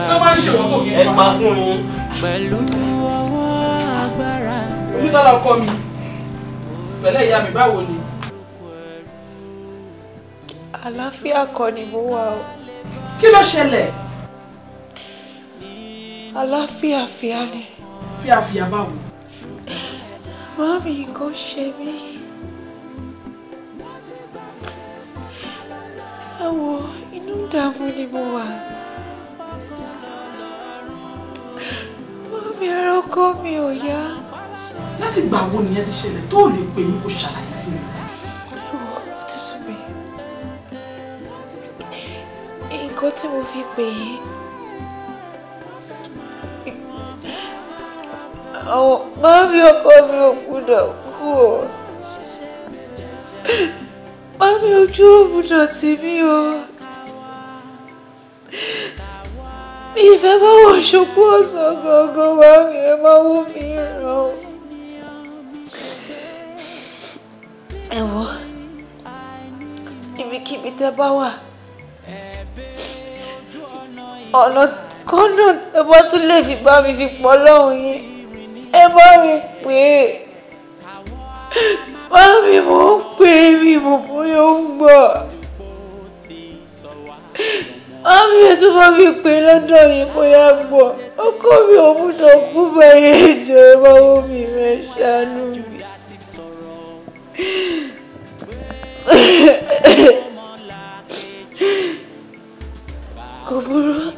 sábà ń ṣèwọ́n kò yẹ ẹ gba fóònù yìí. pẹ̀lú ọwọ́ agbára. olùtọ́lá ọkọ mi pẹ̀lẹ́ ìyá mi báwo ni àlàáfíà kọ́ ni mo wà o. kí ló ṣẹlẹ̀. àlàáfíà fíà ni. fíàfíà báwo. màámi nǹkan ṣe mí. ẹ wo inú ìdààmú ni mo wà. màámi ẹranko mi ò yá. láti gbà wo nìyẹn ti ṣẹlẹ̀ tó ò lè pè mí kó ṣàlàyé. tí mo fi pè yín àwọn mọ́mí ọkọ mi ò gbúdọ̀ kú o mọ́mí ojú ò gbúdọ̀ tì mí o mi ìfẹ́ bá wọ̀ ṣubú ọ̀sán gangan mọ́mí ẹ máa wú mi ràn o. ẹ̀wọ̀n ibikíbi tẹ́ bá wà ọ̀nà kọ́nà ẹ bá tún lè fi bá mi fi pọ̀ lọ́hùn yín ẹ bá mi pè é bá mi mò ń pè é mi mò bóyá ó ń gbọ́ bá mi ètò bá mi pè é lọ́dọ̀ yìí bóyá gbọ́ ọkọ mi ò gbúdọ̀ kú bẹ́ẹ̀ ìjọ ẹ bá wọ́n mi rẹ̀ ṣàánú mi. Kò burú.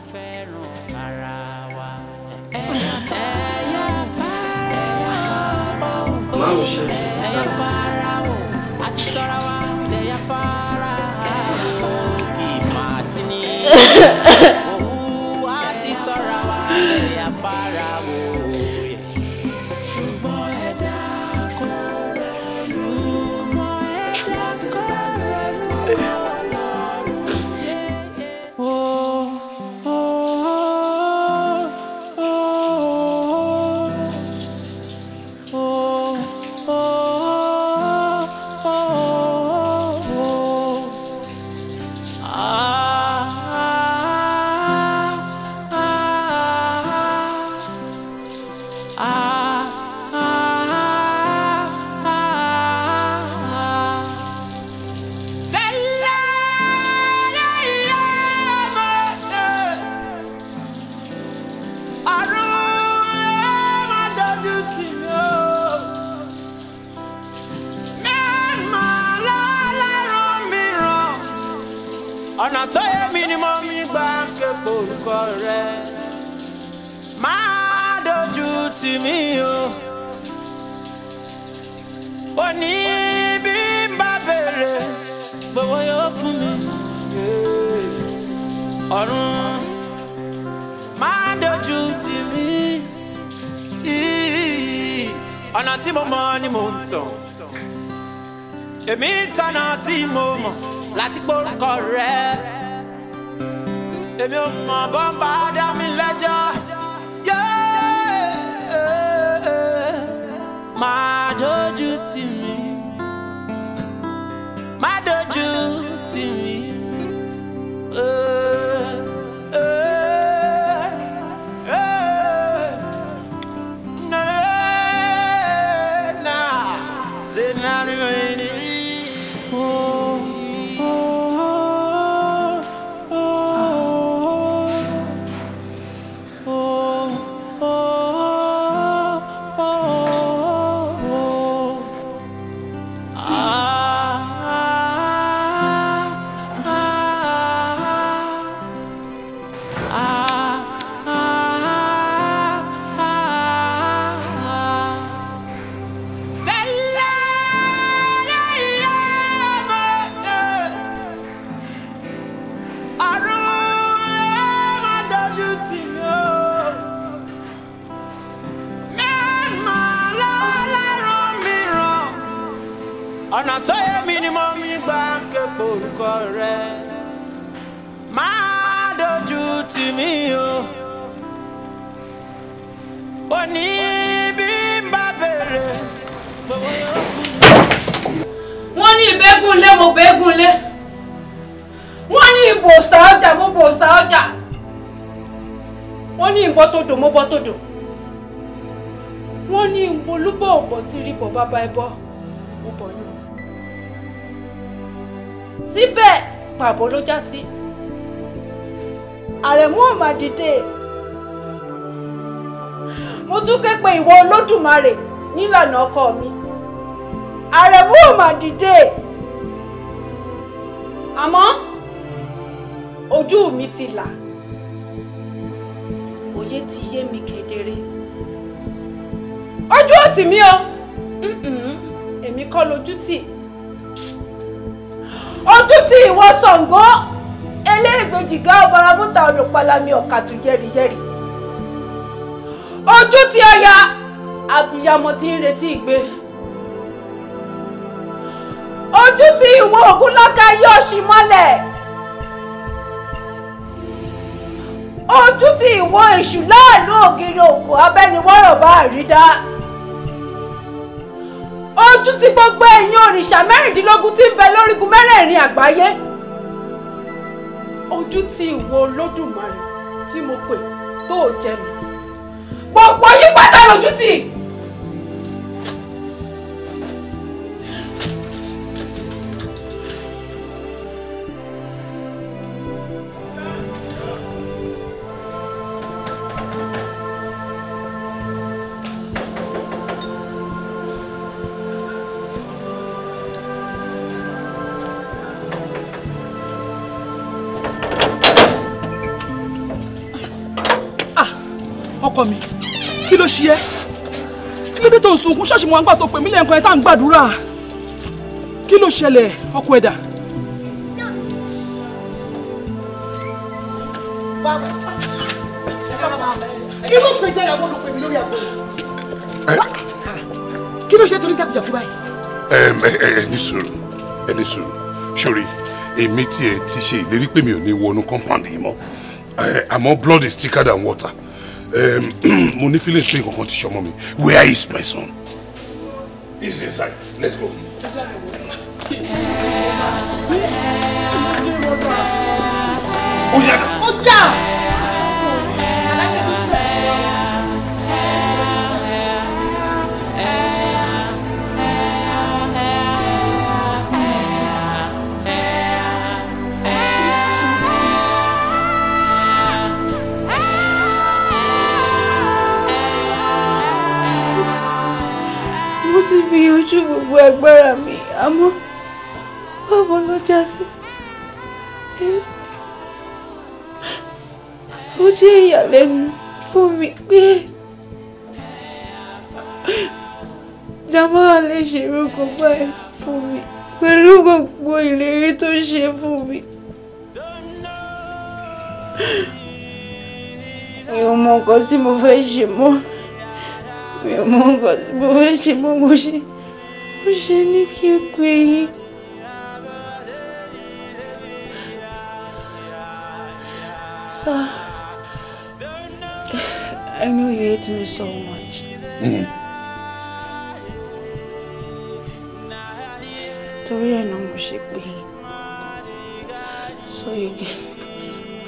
mi o ó ní bí n bá béèrè gbogbo yóò fún mi ọ̀run má dojú tì mí ọ̀nà tí mo mọ̀ ni mo ń tọ̀ èmi ń tanà tí mo mọ̀ láti gbórúkọ rẹ̀ èmi ò mọ̀ bọ́ńbà dá mi lẹ́jọ́. my eégúnlé mo bẹ eégúnlé wọ́n ní ìbòsà ọjà mo bòsà ọjà wọ́n ní ìbọ́tòdò mo bọ́tòdò wọ́n ní olúbọ̀ ọ̀bọ̀ tí rí bọ̀ bàbá ẹbọ mo bọ̀ yìí síbẹ̀ pàbó ló já sí àrẹ̀mú ọ̀mà dìde mo tún ké pe ìwọ olódùmarè nílànà ọkọ mi àrẹ̀mú ọ̀mà dìde àmọ́ ojú mi ti là òye ti yé mi kedere ojú ò tì mí o èmi kọ́ lójú tì ojú tì ìwọ Ṣàngó eléègbèjì gá ọbaramúta olùpalami ọ̀kàtù yẹ́rìyẹ́rì ojú ti Ọya abiyamọ tí ń retí ìgbé ojú tí ìwọ Ògúnláka yóò ṣí mọ́lẹ̀ ojú tí ìwọ èṣù láàánú ògiri òkú abẹ́niwọ́rọ̀ bá rí dá ojú tí gbogbo ẹ̀yin òrìṣà mẹ́rìndínlógún tí ń bẹ lórígun mẹ́rẹ̀ẹ̀rin àgbáyé ojú tí ìwọ Olódùmarè tí mo pè tó jẹ mi gbogbo yín pátá lójú tì í. ò sunkún ṣọ́ọ̀ṣì mo wá ń gbà tó pè mí lẹ́ẹ̀kan ẹ tá à ń gbàdúrà kí ló ṣẹlẹ̀ ọkọ ẹ̀dà. kí ló pè jẹ́ ìyàwó ló pè mí lórí àgbo kí ló ṣe torí jákujàku báyìí. ẹni sùúrù ẹni sùúrù sórí èmi tiẹ̀ ti ṣe ìlérí pé mi ò ní wọnú compound yìí mọ́ àmọ́ blood is thicker than water Um, *clears throat* Moni, ní feelings pé nǹkan kan mommy. where is my son? he's inside let's go. ó yára. ó jà. ojú gbogbo agbára mi àmọ́ ọmọ ló já sí. ó jẹ́ ìyàlẹ́nu fún mi pé Jamal lè ṣerú kan báyìí fún mi pẹ̀lú gbogbo ìlérí tó ṣe fún mi. mi ò mọ nǹkan tí mo fẹ́ ṣe mọ́ mi ò mọ nǹkan tí mo fẹ́ ṣe mọ́ mo ṣe. So, I know you hate me so much. Mm-hmm. Torí i náà mo ṣe So you can,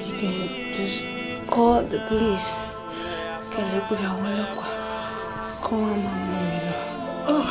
you can just call the police. Can you àwọn ọlọ́pàá kọ́ wá máa mommy. Oh.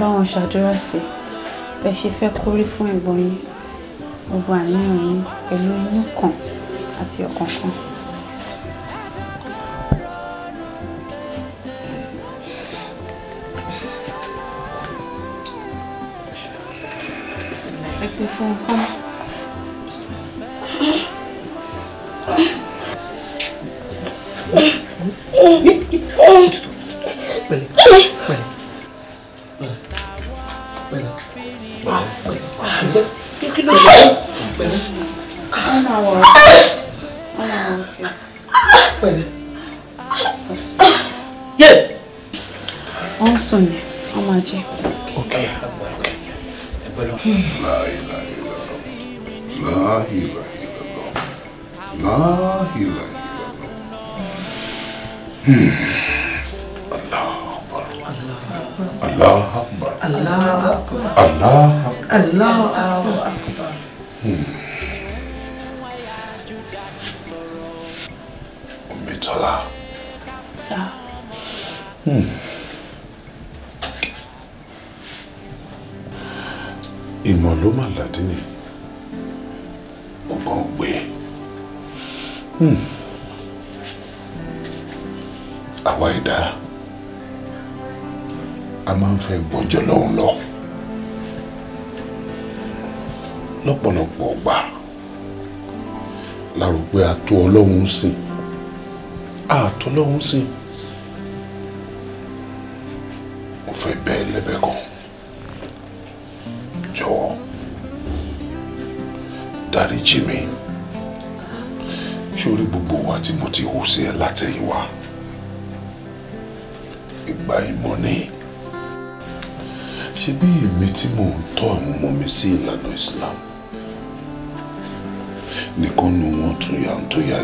bá wọn ṣàdúrà sí bẹ́ẹ̀ ṣe fẹ́ kórí fún ẹ̀gbọ́n yín gbogbo àníyàn yín pẹ̀lú inú kan àti ọ̀kọ̀ọ̀kan. ọlọ́run sìn àtọ́lọ́run sìn o fẹ́ bẹ́ẹ̀ lẹ́bẹ̀ kan jọ̀wọ́ dáríjì mi sórí gbogbo wa tí mo ti hù sí ẹ látẹ̀yìnwá ìgbà ìmọ̀ ni ṣebí èmi tí mò ń tọ́ àwọn ọmọ mi sí ìlànà Islam nìkan nu wọn tuya ń tuya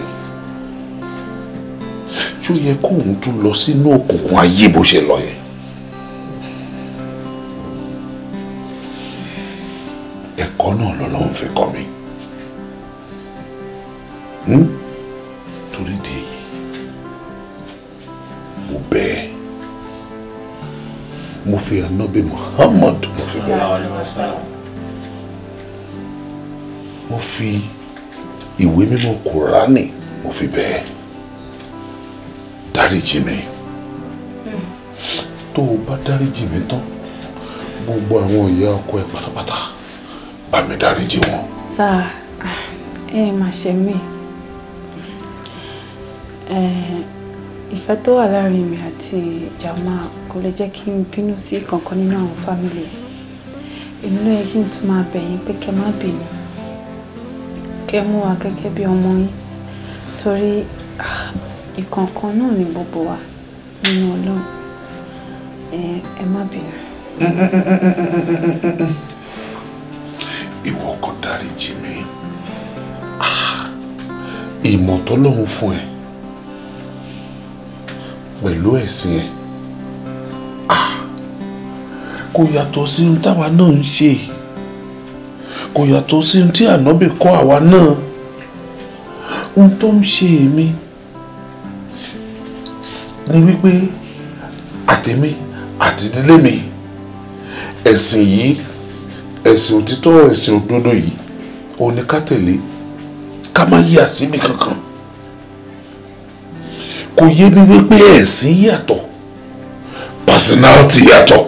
yìí ṣó yẹ kóun tún lọ sínú òkùnkùn ayé bó ṣe lọ yẹn. kúránì mo fi bẹ́ẹ̀ dáríjì mi tó o bá dáríjì mi tán gbogbo àwọn ìyá ọkọ ẹ pátápátá bá mi dáríjì wọn. sáà ẹ má ṣe mí ìfẹ́ tó wà láàrin mi àti Jàmá kò lè jẹ́ kí n bínú sí kankan nínú àwọn fámìlì èmi ló yẹ kí n tún máa bẹ̀yìn pé kẹ́ má bínú kẹ́ mú wa gẹ́gẹ́ bí ọmọ yín torí ìkọ̀ọ̀kan náà ni gbogbo wa nínú ọlọ́run ẹ má bínú. ìwọ kò dáríjì mi ah! ìmọ̀ tọ́lọ́run fún ẹ pẹ̀lú ẹ̀sìn ẹ ah! kò yàtọ̀ sí ohun táwa náà ń ṣe kò yàtọ̀ sí ohun tí ànábì kọ́ àwa náà ohun tó ń ṣe èmi ni wípé àtẹ̀mí àti ìdílé mi ẹ̀sìn yìí ẹ̀sìn òtítọ́ ẹ̀sìn òdodo yìí òun ká tẹ̀lé ká má yà síbi kankan kò yé mi wípé ẹ̀sìn yàtọ̀ personality yàtọ̀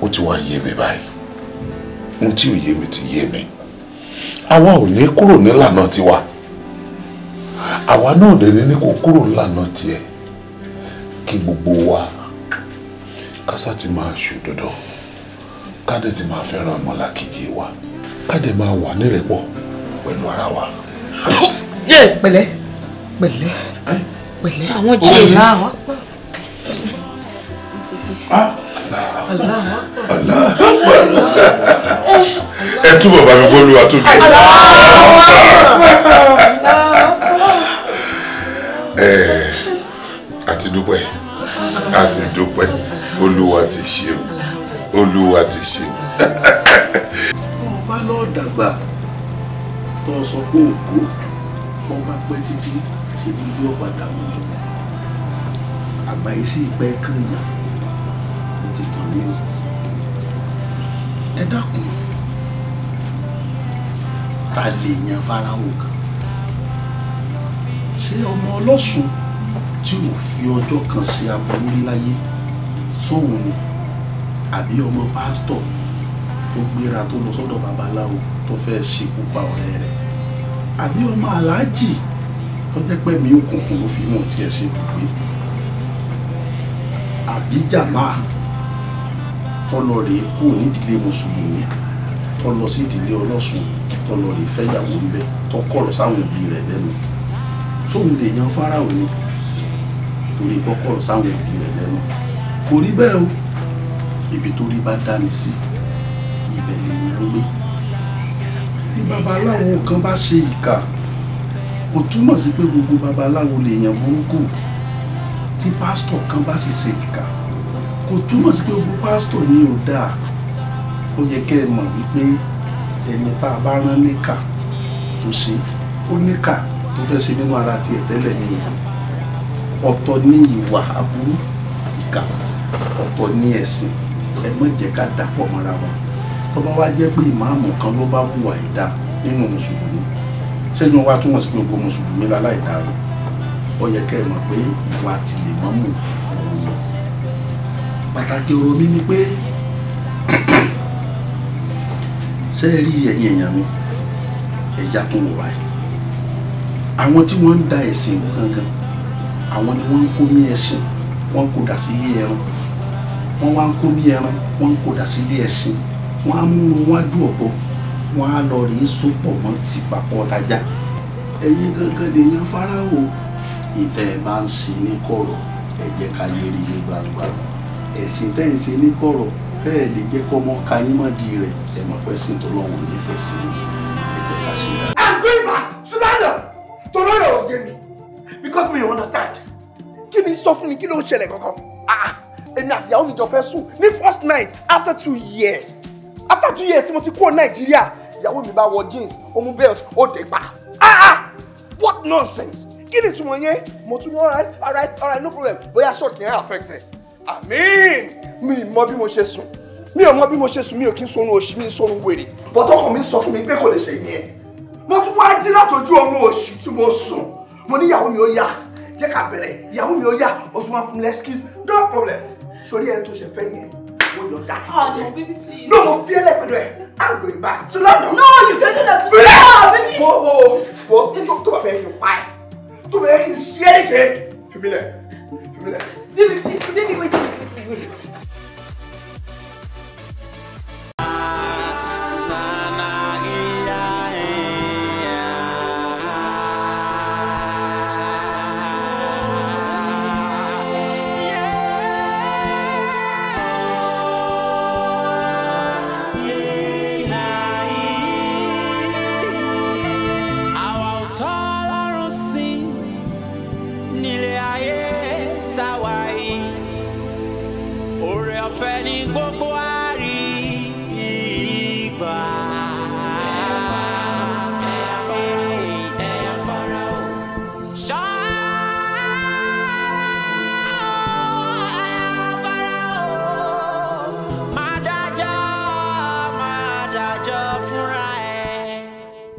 ó ti wá yé mi báyìí ohun tí ò yé mi ti yé mi àwa ò ní kúrò nílànà tiwa àwa náà dẹ̀rẹ̀ ní kó kúrò lànà tiẹ̀ kí gbogbo wa kásá ti máa ṣù dandan kádẹ̀ ti máa fẹ́ràn ọmọlàkejì wa kádẹ̀ máa wà nírẹ̀pọ̀ pẹ̀lú ara wa. pẹ̀lẹ́ pẹ̀lẹ́ pẹ̀lẹ́ àwọn jíjẹ náà wá pọ̀. ẹ túbọ̀ bá mi gbólúwa tóbi àti eh, dúpẹ́ àti dúpẹ́ olúwa ti ṣe o olúwa ti ṣe o. fún ọba lọ́ọ́ dàgbà tó sọ pé òkú ọba pẹ́ títí ṣe ní ojú ọ̀pá dàmú àgbáyé sí ìpẹ́ kànyà ó ti tàn ní o ẹ dákun ta lè yan faraho kan ṣé ọmọ ọlọ́sùn tí ò fi ọjọ́ kan ṣe aburú rí láyé sóhun ni àbí ọmọ pásítọ̀ tó gbéra tó lọ sọ́dọ̀ babaláwo tó fẹ́ ṣekú pa ọ̀rẹ́ rẹ̀ àbí ọmọ aláàjì tó jẹ́ pé mi òkùnkùn ló fi mú tiẹ̀ ṣe gbogbo àbí jàmá tọ́lọ rèé kú nídìílé mùsùlùmí tọ́lọ sí ìdílé ọlọ́sùn tọ́lọ rèé fẹ́yàwó ń bẹ tọ́kọ̀rọ̀ sáwọn òbí rẹ̀ lẹ́nu sóhun lè yan fáráò ni torí kọ́kọ́rọ́ sáwọn òbí rẹ̀ lẹ́nu kò rí bẹ́ẹ̀ o ibi tó rí bá dá mi sí ibẹ̀ lèèyàn ń gbé bí babaláwo kan bá ṣe ìkà kò túmọ̀ sí pé gbogbo babaláwo lèèyàn burúkú tí pásítọ̀ kan bá sì ṣe ìkà kò túmọ̀ sí pé gbogbo pásítọ̀ ni ò dáa ó yẹ kẹ́ ẹ mọ̀ wípé ẹni tá a bá rán níkà tó ṣe ó níkà tó fẹ́ ṣe nínú ara tiẹ̀ tẹ́lẹ̀ ni ọ̀tọ̀ ní ìwà aburú ìkà ọ̀tọ̀ ní ẹ̀sìn ẹ má jẹ́ ká dàpọ̀ mọ́ra wa tó bá wá jẹ́ pé ìmáàmù kan ló bá hùwà ìdá nínú mùsùlùmí sẹ́yìn wa túmọ̀ sí pé gbogbo mùsùlùmí láláì dá rẹ̀ ó yẹ kẹ́ ẹ mọ̀ pé ìwà tìlẹ̀ mọ́mù òun pàtàkì ọ̀rọ̀ mi ni pé *clears throat* ṣé ẹ rí mi ẹja tó wọ̀ báyìí àwọn tí wọ́n ń da ẹ̀sìn ìlú gangan àwọn ni wọ́n ń kó mí ẹ̀sìn wọ́n kó dà sí ilé ẹran wọ́n wá ń kó mí ẹran wọ́n kó dà sí ilé ẹ̀sìn wọ́n á mú un wájú ọ̀bọ wọ́n á lọ rí sopọ̀ mọ́ ti papọ̀ tajà ẹ̀yin gangan lèèyàn Fáráò ìtẹ̀ ẹ̀ bá ń ṣe ní kọ̀rọ̀ ẹ jẹ́ ká yé rí ní gbangba ẹ̀sìn tẹ́ ń ṣe ní kọ̀rọ̀ tẹ́ ẹ lè jẹ́ kọ́mọ kayín mọ́ di rẹ̀ ẹ̀ mọ̀ pẹ́sìn tó lọ́wọ́ nífẹ̀ẹ́ sí i ẹ jẹ́ ká ṣe é. àgbẹ̀ ìbá sọ fún mi kí ló ń ṣẹlẹ̀ kankan ah, ah, èmi àti ìyàwó mi jọ fẹ́ sùn ní first night after two years after two years mo ti kúrò nàìjíríà ìyàwó mi bá wọ jeans ó mú belt ó dé pa ah, what nonsense kí ni ìtumọ̀ yẹn mo tún ní alright alright alright no problem bóyá short yẹn affect ẹ̀ àmín mi mọ bí mo ṣe sùn mi ò mọ bí mo ṣe sùn mi ò kí n sọnù òṣì mi ń sọnù wèrè bọ́tọ́kọ̀ mi sọ fún mi pé kò lè ṣe yẹn mo tún wá dín látọjú ọmọ òṣì tí mo sùn mo níyàwó mi ó yá jẹ́ ká bẹ̀rẹ̀ ìyàwó mi ó yá o tún máa fún mi lẹ́skíìsì no problem sórí ẹ̀ tó ṣe fẹ́ yẹn mo yọ̀ dá. Oh, no mo fi ẹlẹ pẹ̀lú ẹ i'm going back to London. no you can do that to me. bẹ́ẹ̀ oh, wo wo wo tó bá fẹ́ kí n pa ẹ̀ tó bá fẹ́ kí n ṣe é léṣe fi mi lẹ̀ fi mi lẹ̀. bíbí bíbí wait wait wait.